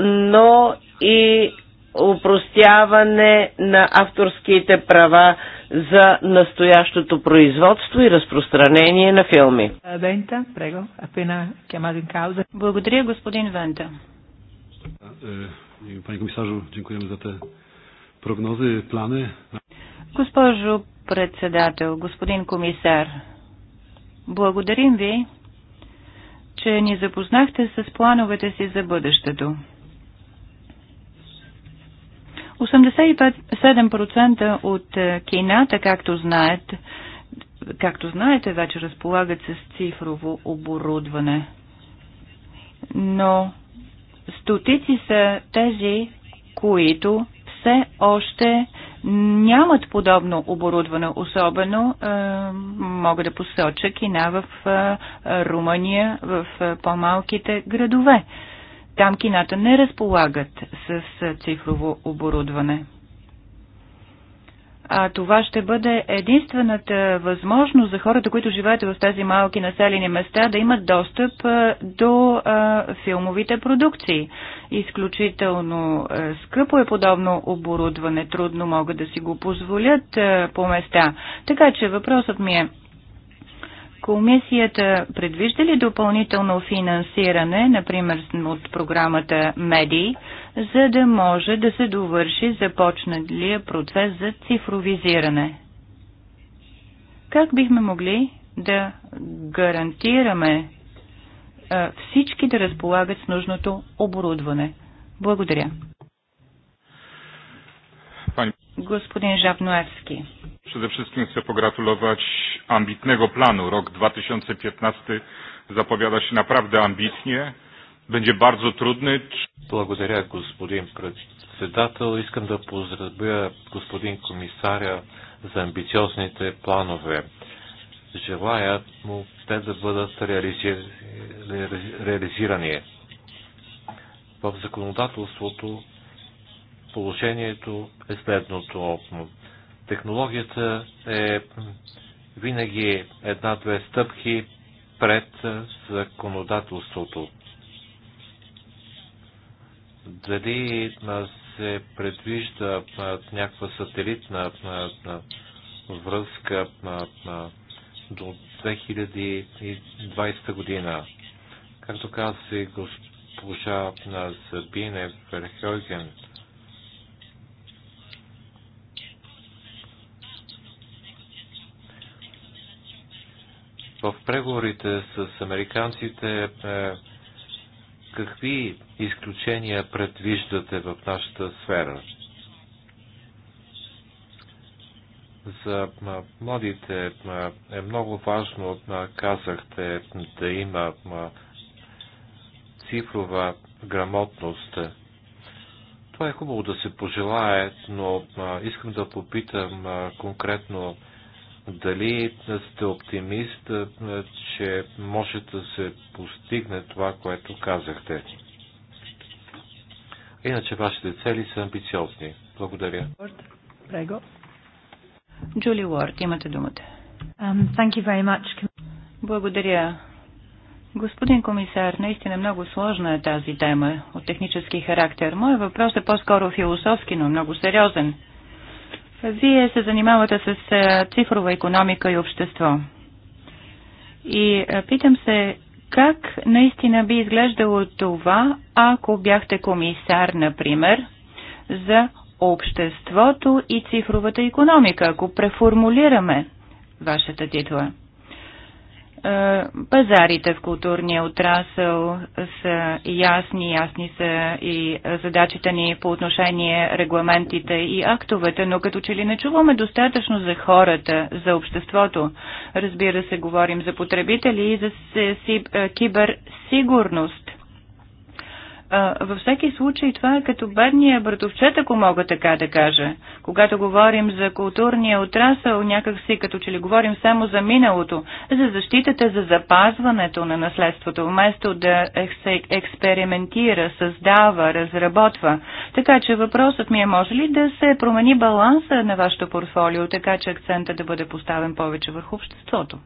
но и упростяване на авторските права за настоящото производство и разпространение на филми. Вента, прего, апена chiamato in Благодаря, господин Вента. Е, Пани комисажо, дякуваме за те прогнози и плани. Госпожо председател, господин комисар, благодарим ви че ни запознахте с плановете си за бъдещето. 87% от е, кината, както знаете, както знаете, вече разполагат с цифрово оборудване. Но стотици са тези, които все още нямат подобно оборудване, особено е, мога да посоча кина в е, Румъния, в е, по-малките градове. Там кината не разполагат с е, цифрово оборудване а това ще бъде единствената възможност за хората, които живеят в тези малки населени места, да имат достъп до филмовите продукции. Изключително скъпо е подобно оборудване, трудно могат да си го позволят по места. Така че въпросът ми е, Комисията предвижда ли допълнително финансиране, например от програмата Медии, за да може да се довърши започналия процес за цифровизиране. Как бихме могли да гарантираме всички да разполагат с нужното оборудване? Благодаря. Господин Жабноевски. Przede wszystkim chcę pogratulować ambitnego planu. Rok 2015 zapowiada się naprawdę ambitnie będzie bardzo trudny. Благодаря, господин председател. Искам да поздравя господин комисаря за амбициозните планове. Желая му те да бъдат реализирани. В законодателството положението е следното. Технологията е винаги една-две стъпки пред законодателството дали се предвижда някаква сателитна връзка до 2020 година. Както каза и госпожа Сабине Верхойген, в преговорите с американците е, какви изключения предвиждате в нашата сфера? За младите е много важно, казахте, да има цифрова грамотност. Това е хубаво да се пожелае, но искам да попитам конкретно дали сте оптимист, е, че може да се постигне това, което казахте? Иначе вашите цели са амбициозни. Благодаря. Джули Уорд, имате думата. Um, Благодаря. Господин комисар, наистина много сложна е тази тема от технически характер. Моят въпрос е по-скоро философски, но много сериозен. Вие се занимавате с е, цифрова економика и общество. И е, питам се, как наистина би изглеждало това, ако бяхте комисар, например, за обществото и цифровата економика, ако преформулираме вашата титла? Е, пазарите в културния отрасъл са ясни, ясни са и задачите ни по отношение регламентите и актовете, но като че ли не чуваме достатъчно за хората, за обществото. Разбира се, говорим за потребители и за е, киберсигурност във всеки случай това е като бедния братовчет, ако мога така да кажа. Когато говорим за културния отрасъл, някак си, като че ли говорим само за миналото, за защитата, за запазването на наследството, вместо да се експериментира, създава, разработва. Така че въпросът ми е, може ли да се промени баланса на вашето портфолио, така че акцента да бъде поставен повече върху обществото?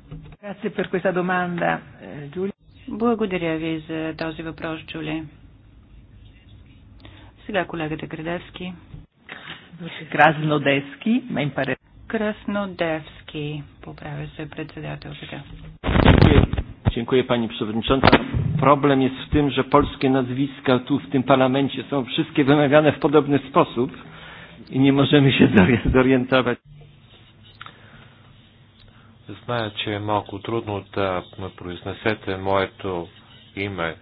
Eh, Благодаря ви за този въпрос, Джулия. Сега колегата Градевски. Краснодевски, мен паре. Краснодевски, поправя се председателката. Dziękuję Pani Przewodnicząca. Problem jest w tym, że polskie nazwiska tu w tym parlamencie są wszystkie wymawiane w podobny sposób i nie możemy się zorientować. Зная, че е малко трудно да ме imię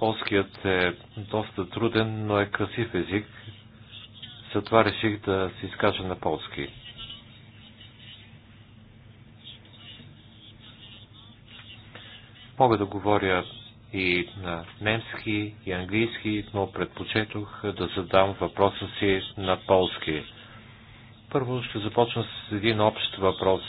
Полският е доста труден, но е красив език. Затова реших да се изкажа на полски. Мога да говоря и на немски, и английски, но предпочетох да задам въпроса си на полски. Първо ще започна с един общ въпрос.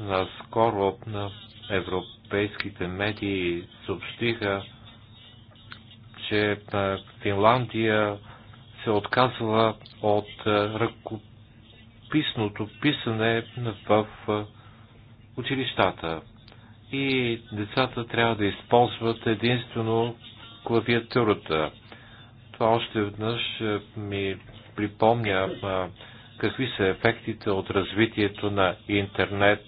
Наскоро на европейските медии съобщиха, че Финландия се отказва от ръкописното писане в училищата и децата трябва да използват единствено клавиатурата. Това още веднъж ми припомня какви са ефектите от развитието на интернет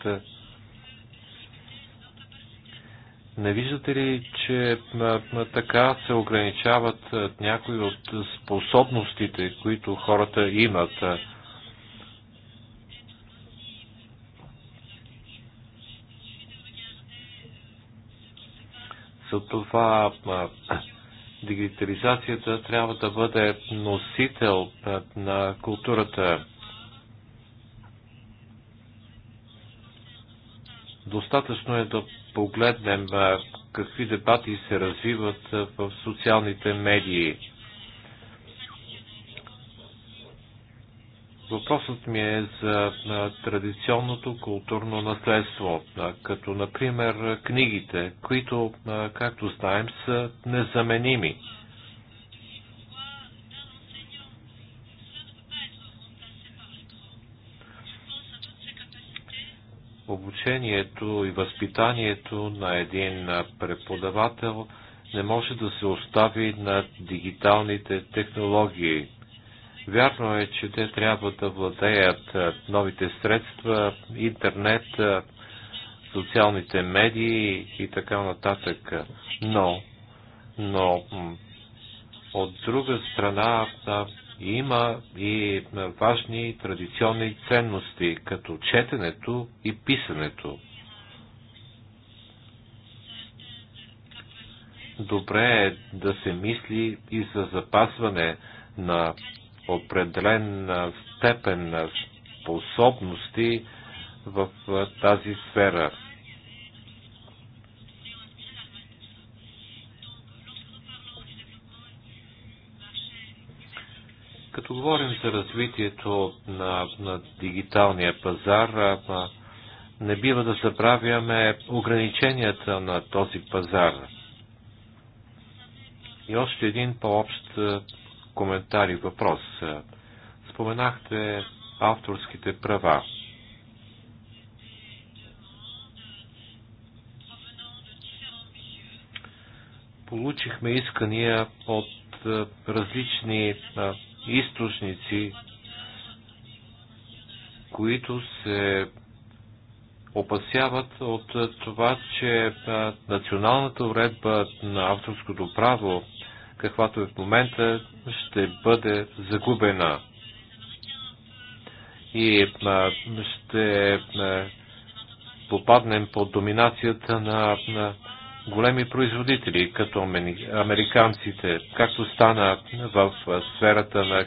не виждате ли, че така се ограничават някои от способностите, които хората имат? Затова дигитализацията трябва да бъде носител на културата. Достатъчно е да погледнем какви дебати се развиват в социалните медии. Въпросът ми е за традиционното културно наследство, като например книгите, които, както знаем, са незаменими. обучението и възпитанието на един преподавател не може да се остави на дигиталните технологии. Вярно е, че те трябва да владеят новите средства, интернет, социалните медии и така нататък. Но, но от друга страна, има и важни традиционни ценности, като четенето и писането. Добре е да се мисли и за запазване на определен степен на способности в тази сфера. говорим за развитието на, на дигиталния пазар, не бива да забравяме ограниченията на този пазар. И още един по-общ коментар и въпрос. Споменахте авторските права. Получихме искания от различни източници, които се опасяват от това, че националната уредба на авторското право, каквато е в момента, ще бъде загубена и ще попаднем под доминацията на, на големи производители, като американците, както стана в сферата на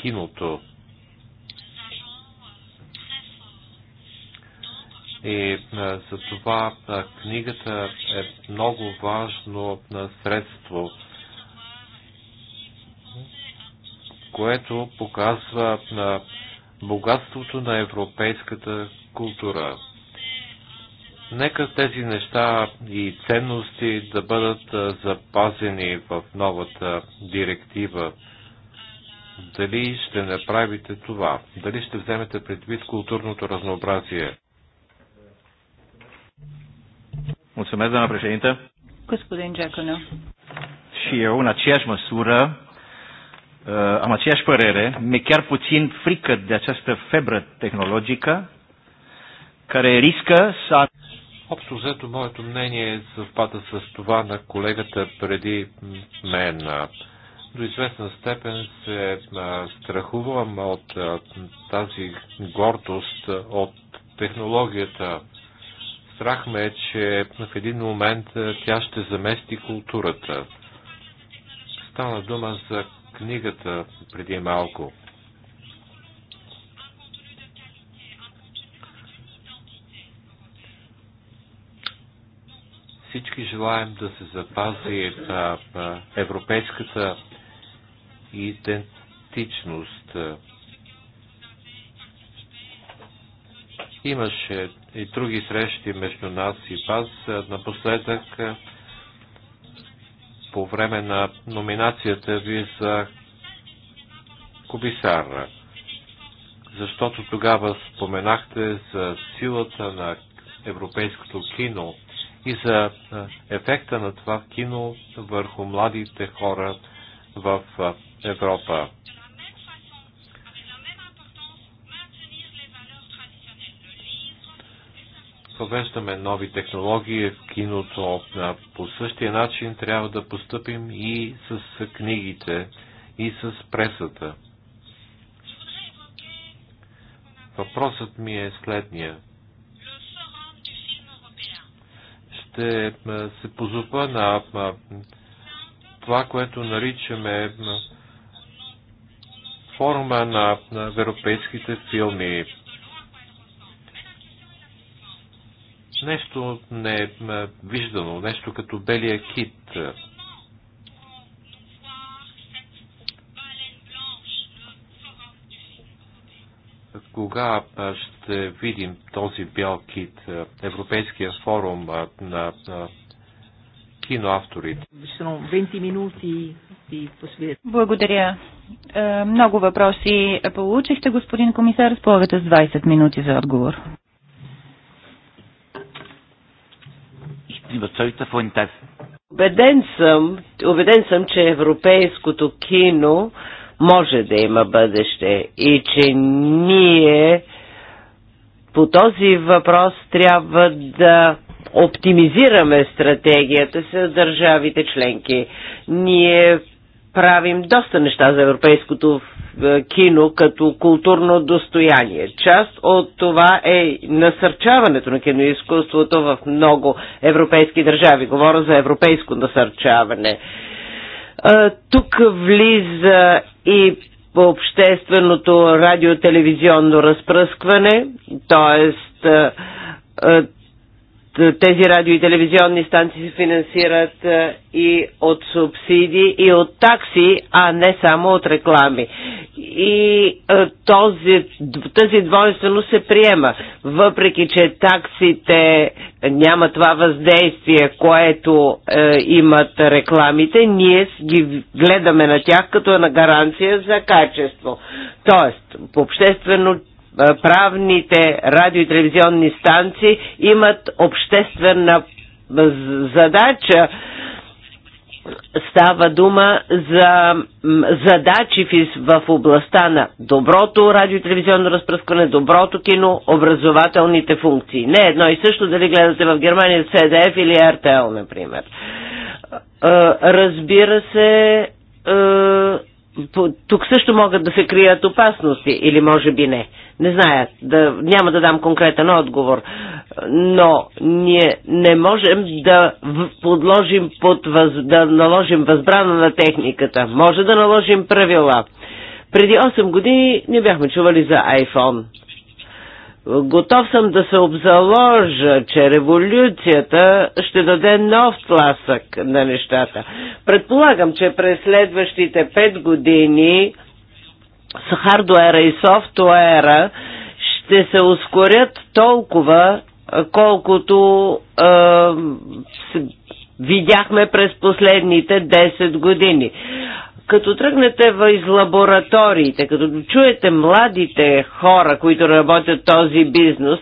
киното. И за това книгата е много важно на средство, което показва на богатството на европейската култура. Нека тези неща и ценности да бъдат запазени в новата директива. Дали ще направите това? Дали ще вземете предвид културното разнообразие? Mulțumesc, doamna președintă. Господин Джаконо. Шио, на чияш масура, ама чияш парере, ме кяр поцин фрикът puțin frică de această febră риска са... Общо взето моето мнение съвпада с това на колегата преди мен. До известна степен се страхувам от тази гордост от технологията. Страх ме е, че в един момент тя ще замести културата. Стана дума за книгата преди малко. Всички желаем да се запази европейската идентичност. Имаше и други срещи между нас и вас. Напоследък, по време на номинацията ви за комисара. защото тогава споменахте за силата на европейското кино – и за ефекта на това кино върху младите хора в Европа. Повеждаме нови технологии в киното. По същия начин трябва да поступим и с книгите, и с пресата. Въпросът ми е следния. ще се позова на това, което наричаме форма на, на европейските филми. Нещо не е виждано, нещо като белия кит. кога ще видим този бял кит, Европейския форум на, киноавторите? Благодаря. Е, много въпроси получихте, господин комисар. Сполагате с 20 минути за отговор. Убеден съм, убеден съм, че европейското кино може да има бъдеще и че ние по този въпрос трябва да оптимизираме стратегията с държавите членки. Ние правим доста неща за европейското е, кино като културно достояние. Част от това е насърчаването на киноизкуството в много европейски държави. Говоря за европейско насърчаване. Тук влиза и по общественото радиотелевизионно разпръскване, т.е тези радио и телевизионни станции се финансират е, и от субсидии, и от такси, а не само от реклами. И е, този, тази двойственост се приема, въпреки че таксите няма това въздействие, което е, имат рекламите, ние ги гледаме на тях като на гаранция за качество. Тоест, обществено е, правните радио и телевизионни станции имат обществена задача става дума за задачи в областта на доброто радио и телевизионно разпръскване, доброто кино, образователните функции. Не едно и също дали гледате в Германия СДФ или РТЛ, например. Е, разбира се, е, тук също могат да се крият опасности или може би не. Не зная, да, няма да дам конкретен отговор, но ние не можем да подложим под въз, да наложим възбрана на техниката. Може да наложим правила. Преди 8 години не бяхме чували за iPhone. Готов съм да се обзаложа, че революцията ще даде нов тласък на нещата. Предполагам, че през следващите пет години с хардуера и софтуера ще се ускорят толкова, колкото е, видяхме през последните 10 години. Като тръгнете в лабораториите, като чуете младите хора, които работят този бизнес,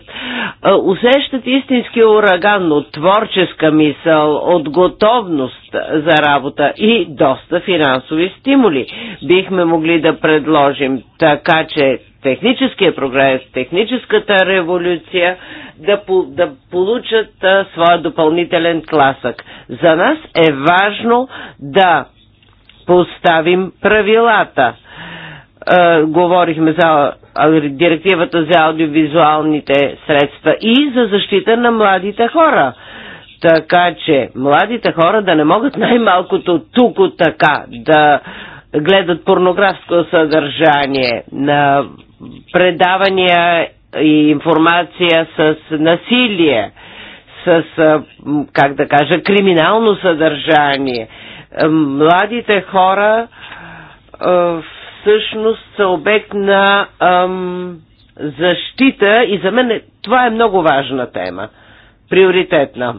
усещат истински ураган от творческа мисъл, от готовност за работа и доста финансови стимули. Бихме могли да предложим така, че техническия прогрес, техническата революция да, по, да получат а, своя допълнителен класък. За нас е важно да поставим правилата. Е, говорихме за директивата за аудиовизуалните средства и за защита на младите хора. Така че младите хора да не могат най-малкото тук така да гледат порнографско съдържание на предавания и информация с насилие, с, е, как да кажа, криминално съдържание – Младите хора е, всъщност са обект на защита и за мен е- това е много важна тема. Приоритетна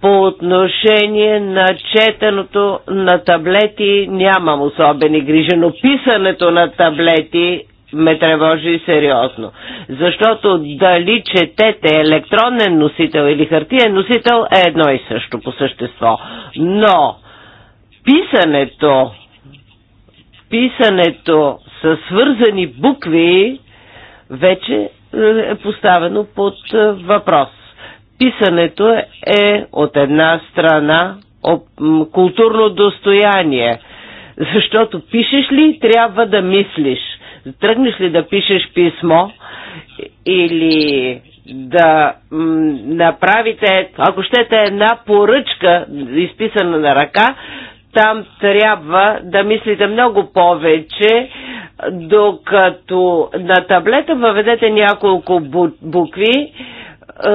по отношение на четеното на таблети нямам особени грижи, но писането на таблети ме тревожи сериозно. Защото дали четете електронен носител или хартиен носител е едно и също по същество. Но писането, писането с свързани букви вече е поставено под е, въпрос. Писането е от една страна културно достояние, защото пишеш ли, трябва да мислиш – Тръгнеш ли да пишеш писмо или да направите, ако щете, една поръчка, изписана на ръка, там трябва да мислите много повече, докато на таблета въведете няколко букви, е,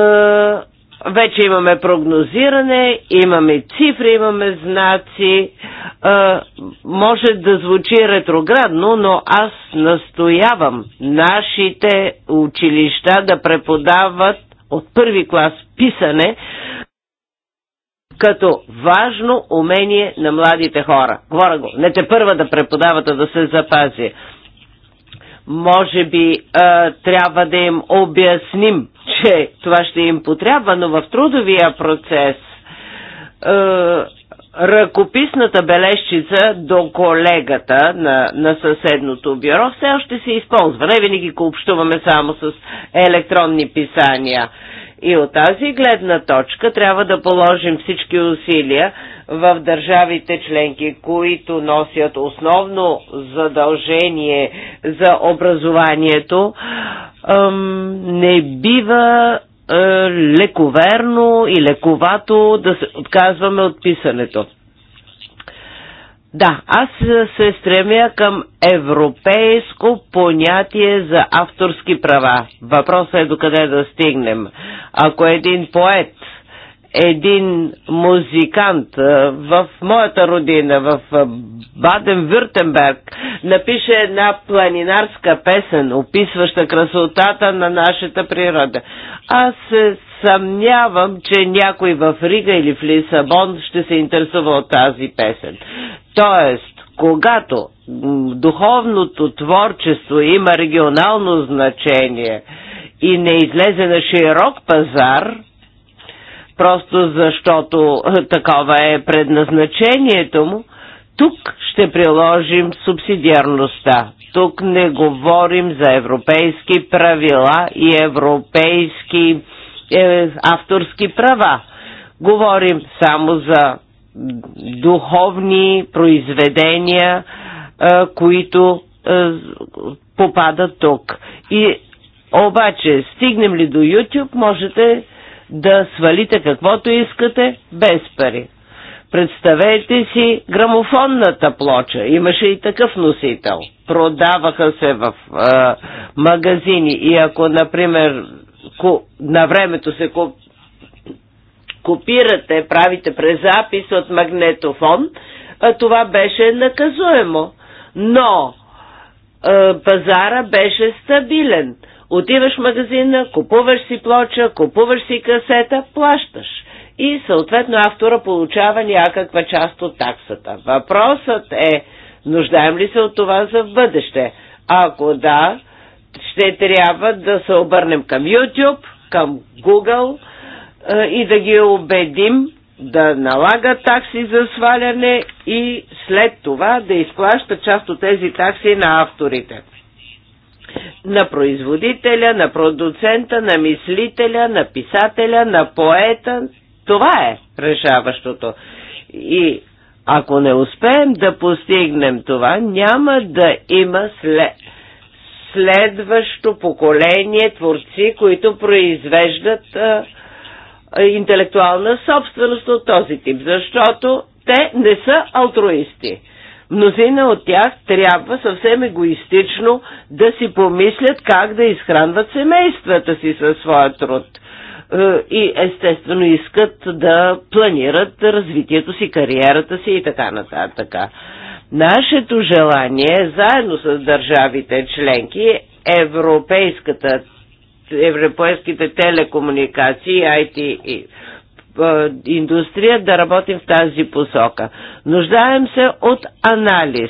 вече имаме прогнозиране, имаме цифри, имаме знаци. А, може да звучи ретроградно, но аз настоявам нашите училища да преподават от първи клас писане като важно умение на младите хора. Говоря го, не те първа да преподават, а да се запази. Може би а, трябва да им обясним, че това ще им потрябва, но в трудовия процес ръкописната бележчица до колегата на, на съседното бюро все още се използва. Не винаги го общуваме само с електронни писания. И от тази гледна точка трябва да положим всички усилия в държавите членки, които носят основно задължение за образованието. Не бива е, лековерно и лековато да се отказваме от писането. Да, аз се стремя към европейско понятие за авторски права. Въпросът е докъде да стигнем. Ако един поет един музикант в моята родина, в Баден-Вюртенберг, напише една планинарска песен, описваща красотата на нашата природа. Аз се съмнявам, че някой в Рига или в Лисабон ще се интересува от тази песен. Тоест, когато духовното творчество има регионално значение и не излезе на широк пазар, просто защото такова е предназначението му, тук ще приложим субсидиарността. Тук не говорим за европейски правила и европейски е, авторски права. Говорим само за духовни произведения, е, които е, попадат тук. И обаче, стигнем ли до YouTube, можете да свалите каквото искате без пари. Представете си грамофонната плоча. Имаше и такъв носител. Продаваха се в е, магазини. И ако, например, на времето се ко, копирате, правите презапис от магнетофон, това беше наказуемо. Но пазара беше стабилен. Отиваш в магазина, купуваш си плоча, купуваш си касета, плащаш. И съответно автора получава някаква част от таксата. Въпросът е, нуждаем ли се от това за в бъдеще? Ако да, ще трябва да се обърнем към YouTube, към Google е, и да ги убедим да налага такси за сваляне и след това да изплащат част от тези такси на авторите. На производителя, на продуцента, на мислителя, на писателя, на поета. Това е решаващото. И ако не успеем да постигнем това, няма да има след следващо поколение творци, които произвеждат а, интелектуална собственост от този тип, защото те не са алтруисти. Мнозина от тях трябва съвсем егоистично да си помислят как да изхранват семействата си със своя труд. Е, и естествено искат да планират развитието си, кариерата си и така нататък. Нашето желание заедно с държавите членки европейската, европейските телекомуникации, IT и индустрия да работим в тази посока. Нуждаем се от анализ.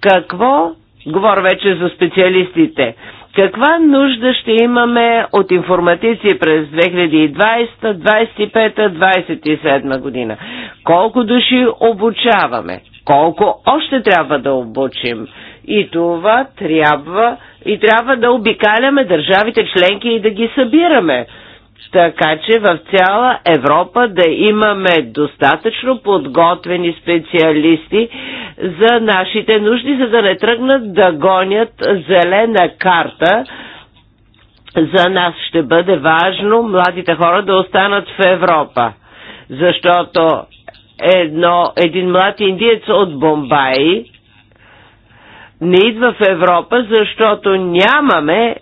Какво, говоря вече за специалистите, каква нужда ще имаме от информатици през 2020, 2025, 2027 година? Колко души обучаваме? колко още трябва да обучим. И това трябва, и трябва да обикаляме държавите членки и да ги събираме. Така че в цяла Европа да имаме достатъчно подготвени специалисти за нашите нужди, за да не тръгнат да гонят зелена карта, за нас ще бъде важно младите хора да останат в Европа, защото едно, един млад индиец от Бомбай не идва в Европа, защото нямаме е,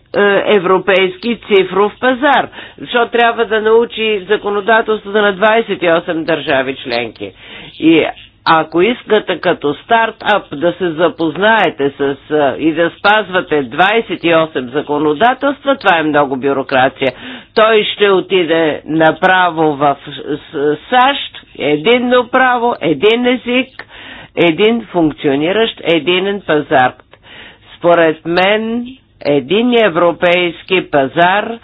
европейски цифров пазар. Защото трябва да научи законодателството на 28 държави членки. И ако искате като стартап да се запознаете с е, и да спазвате 28 законодателства, това е много бюрокрация. Той ще отиде направо в САЩ единно право, един език, един функциониращ единен пазар. Според мен, един европейски пазар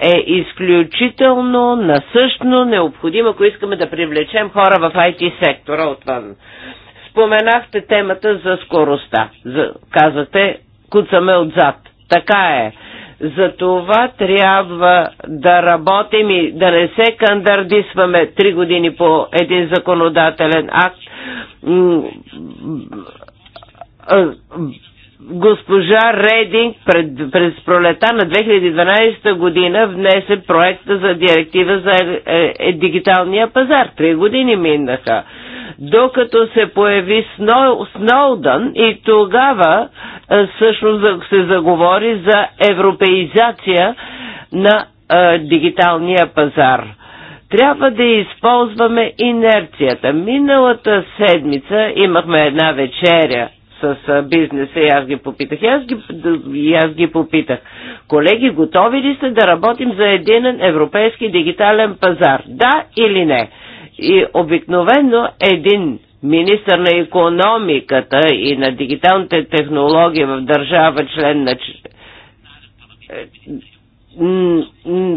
е изключително насъщно необходимо, ако искаме да привлечем хора в IT сектора отвън. Споменахте темата за скоростта. Казвате, казате, куцаме отзад. Така е. За това трябва да работим и да не се кандардисваме три години по един законодателен акт госпожа Рейдинг пред, през пролета на 2012 година внесе проекта за директива за е, е, е, дигиталния пазар. Три години минаха. Докато се появи Сноудън и тогава е, всъщност се заговори за европеизация на е, дигиталния пазар трябва да използваме инерцията. Миналата седмица имахме една вечеря с бизнеса и аз ги попитах. И аз ги, и аз ги попитах. Колеги, готови ли сте да работим за един европейски дигитален пазар? Да или не? И обикновено един министър на економиката и на дигиталните технологии в държава член на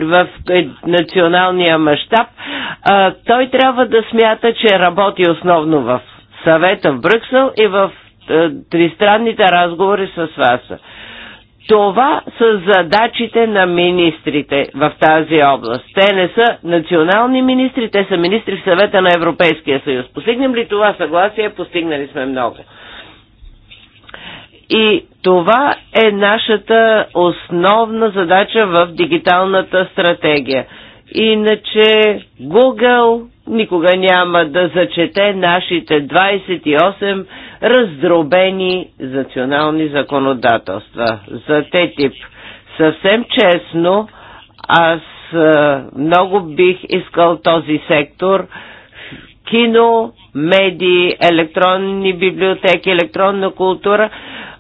в националния мащаб, той трябва да смята, че работи основно в съвета в Брюксел и в е, тристранните разговори с вас. Това са задачите на министрите в тази област. Те не са национални министри, те са министри в съвета на Европейския съюз. Постигнем ли това съгласие? Постигнали сме много. И това е нашата основна задача в дигиталната стратегия. Иначе Google никога няма да зачете нашите 28 раздробени национални законодателства. За те тип съвсем честно аз много бих искал този сектор кино, медии, електронни библиотеки, електронна култура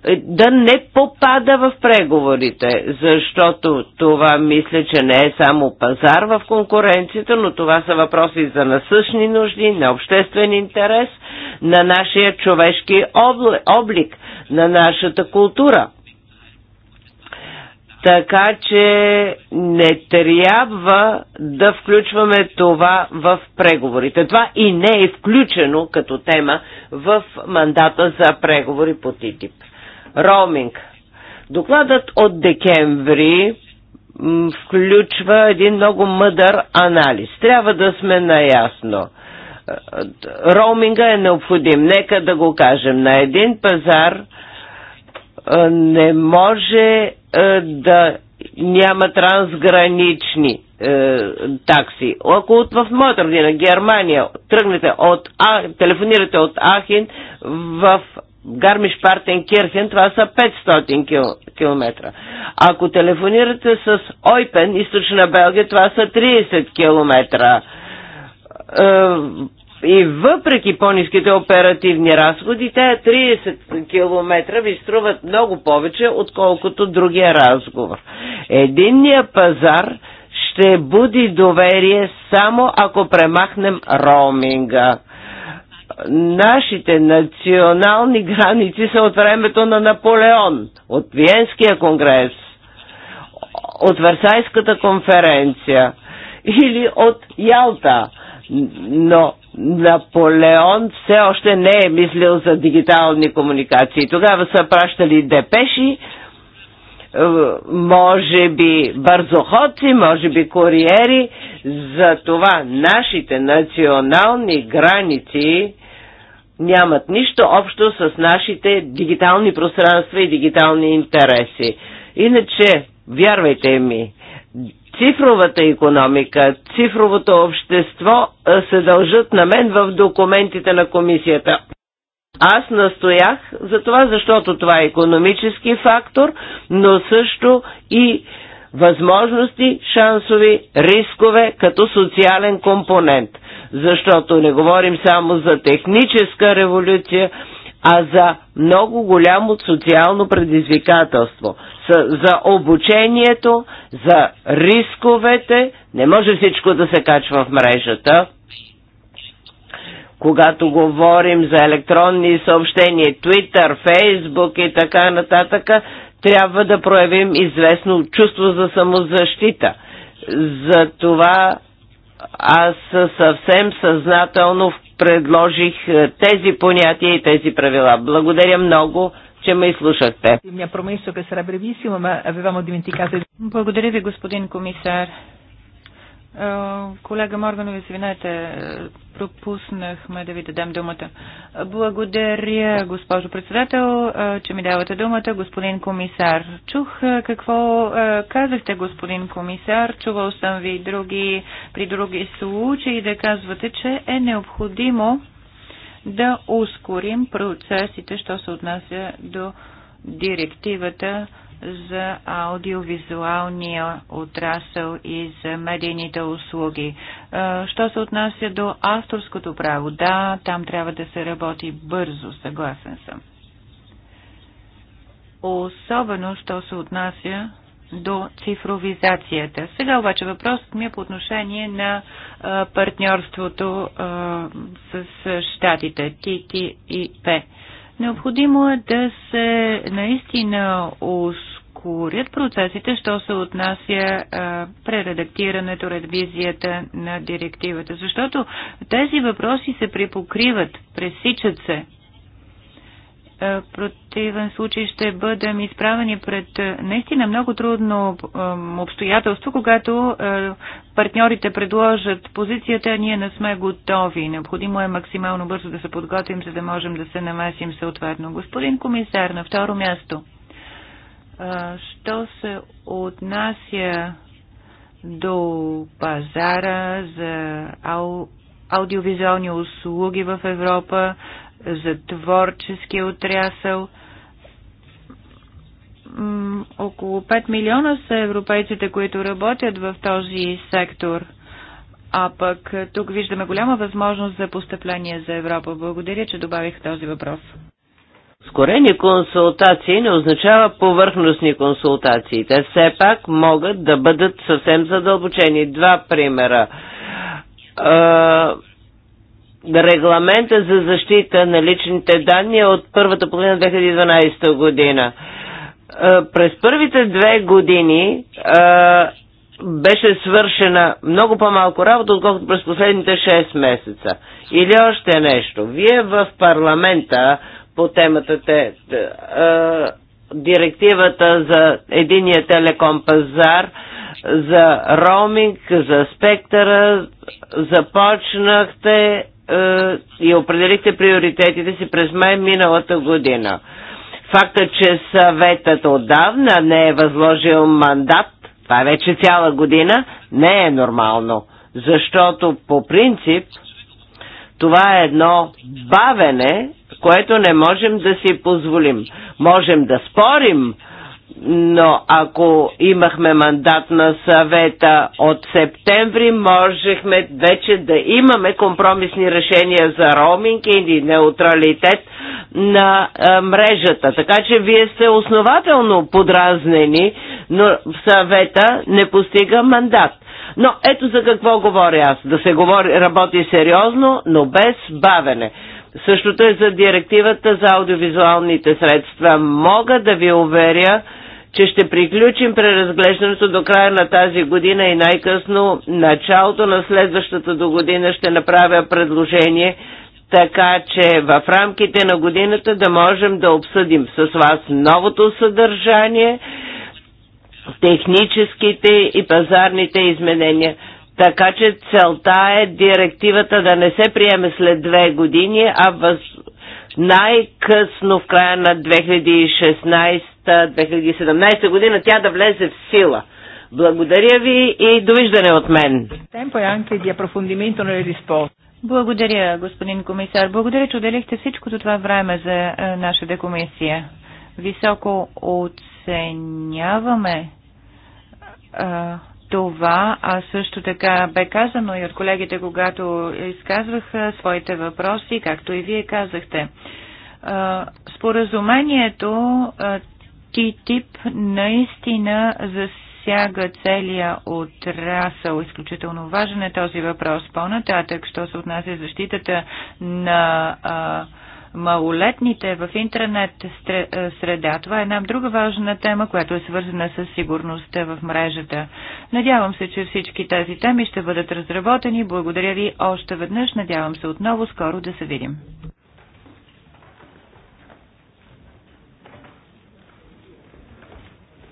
е, да не попада в преговорите, защото това мисля, че не е само пазар в конкуренцията, но това са въпроси за насъщни нужди, на обществен интерес, на нашия човешки облик, на нашата култура. Така че не трябва да включваме това в преговорите. Това и не е включено като тема в мандата за преговори по ТИТИП роуминг. Докладът от декември включва един много мъдър анализ. Трябва да сме наясно. Е, роуминга е необходим. Нека да го кажем. На един пазар е, не може е, да няма трансгранични такси. Ако в моята родина, Германия, тръгнете от а, телефонирате от Ахин в Гармиш Партен Кирхен, това са 500 км. Ако телефонирате с Ойпен, източна Белгия, това са 30 км. Е, и въпреки по-низките оперативни разходи, те 30 км ви струват много повече, отколкото другия разговор. Единният пазар ще буди доверие само ако премахнем роуминга Нашите национални граници са от времето на Наполеон, от Виенския конгрес, от Версайската конференция или от Ялта. Но Наполеон все още не е мислил за дигитални комуникации. Тогава са пращали депеши, е, може би бързоходци, може би куриери. Затова нашите национални граници нямат нищо общо с нашите дигитални пространства и дигитални интереси. Иначе, вярвайте ми, цифровата економика, цифровото общество се дължат на мен в документите на комисията. Аз настоях за това, защото това е економически фактор, но също и възможности, шансови, рискове като социален компонент – защото не говорим само за техническа революция, а за много голямо социално предизвикателство. За обучението, за рисковете, не може всичко да се качва в мрежата. Когато говорим за електронни съобщения, Twitter, Facebook и така нататък, трябва да проявим известно чувство за самозащита. За това аз съвсем съзнателно предложих е, тези понятия и тези правила. Благодаря много, че ме изслушахте. Благодаря ви, господин комисар. Е, колега Морганови, извинете, пропуснахме да ви дадем думата. Благодаря, госпожо председател, е, че ми давате думата, господин комисар. Чух е, какво казахте, господин комисар. Чувал съм ви други, при други случаи да казвате, че е необходимо да ускорим процесите, що се отнася до директивата за аудиовизуалния отрасъл и за медийните услуги. Е, що се отнася до авторското право? Да, там трябва да се работи бързо, съгласен съм. Особено, що се отнася до цифровизацията. Сега обаче въпросът ми е по отношение на е, партньорството е, с щатите TTIP. Необходимо е да се наистина ускорят процесите, що се отнася а, прередактирането, ревизията на директивата, защото тези въпроси се припокриват, пресичат се. Е, противен случай ще бъдем изправени пред е, наистина много трудно е, обстоятелство, когато партньорите предложат позицията, а ние не сме готови. Необходимо е максимално бързо да се подготвим, за да можем да се намесим съответно. Господин комисар, на второ място, що се отнася до пазара за аудиовизуални услуги в Европа, за творчески отрясъл. Около 5 милиона са европейците, които работят в този сектор. А пък е, тук виждаме голяма възможност за постъпление за Европа. Благодаря, че добавих този въпрос. Скорени консултации не означава повърхностни консултации. Те все пак могат да бъдат съвсем задълбочени. Два примера регламента за защита на личните данни е от първата половина 2012 година. Е, през първите две години е, беше свършена много по-малко работа, отколкото през последните 6 месеца. Или още нещо. Вие в парламента по темата те, директивата за единия телеком пазар, за роуминг, за спектъра, започнахте е, и определихте приоритетите си през май миналата година. Факта, че съветът отдавна не е възложил мандат, това е вече цяла година, не е нормално, защото по принцип това е едно бавене, което не можем да си позволим. Можем да спорим, но ако имахме мандат на съвета от септември, можехме вече да имаме компромисни решения за роуминг или неутралитет на а, е, мрежата. Така че вие сте основателно подразнени, но съвета не постига мандат. Но ето за какво говоря аз. Да се говори, работи сериозно, но без бавене. Същото е за директивата за аудиовизуалните средства. Мога да ви уверя, че ще приключим преразглеждането до края на тази година и най-късно началото на следващата до година ще направя предложение, така че в рамките на годината да можем да обсъдим с вас новото съдържание, техническите и пазарните изменения. Така че целта е директивата да не се приеме след две години, а въз, най-късно в края на 2016-2017 година тя да влезе в сила. Благодаря ви и довиждане от мен. E Благодаря, господин комисар. Благодаря, че отделихте всичкото това време за е, нашата комисия. Високо оценяваме е, това, а също така бе казано и от колегите, когато изказваха своите въпроси, както и вие казахте. Споразумението ТИТИП наистина засяга целия отрасъл. Изключително важен е този въпрос. По-нататък, що се отнася защитата на малолетните в интернет е, среда. Това е една друга важна тема, която е свързана с сигурността в мрежата. Надявам се, че всички тези теми ще бъдат разработени. Благодаря ви още веднъж. Надявам се отново скоро да се видим.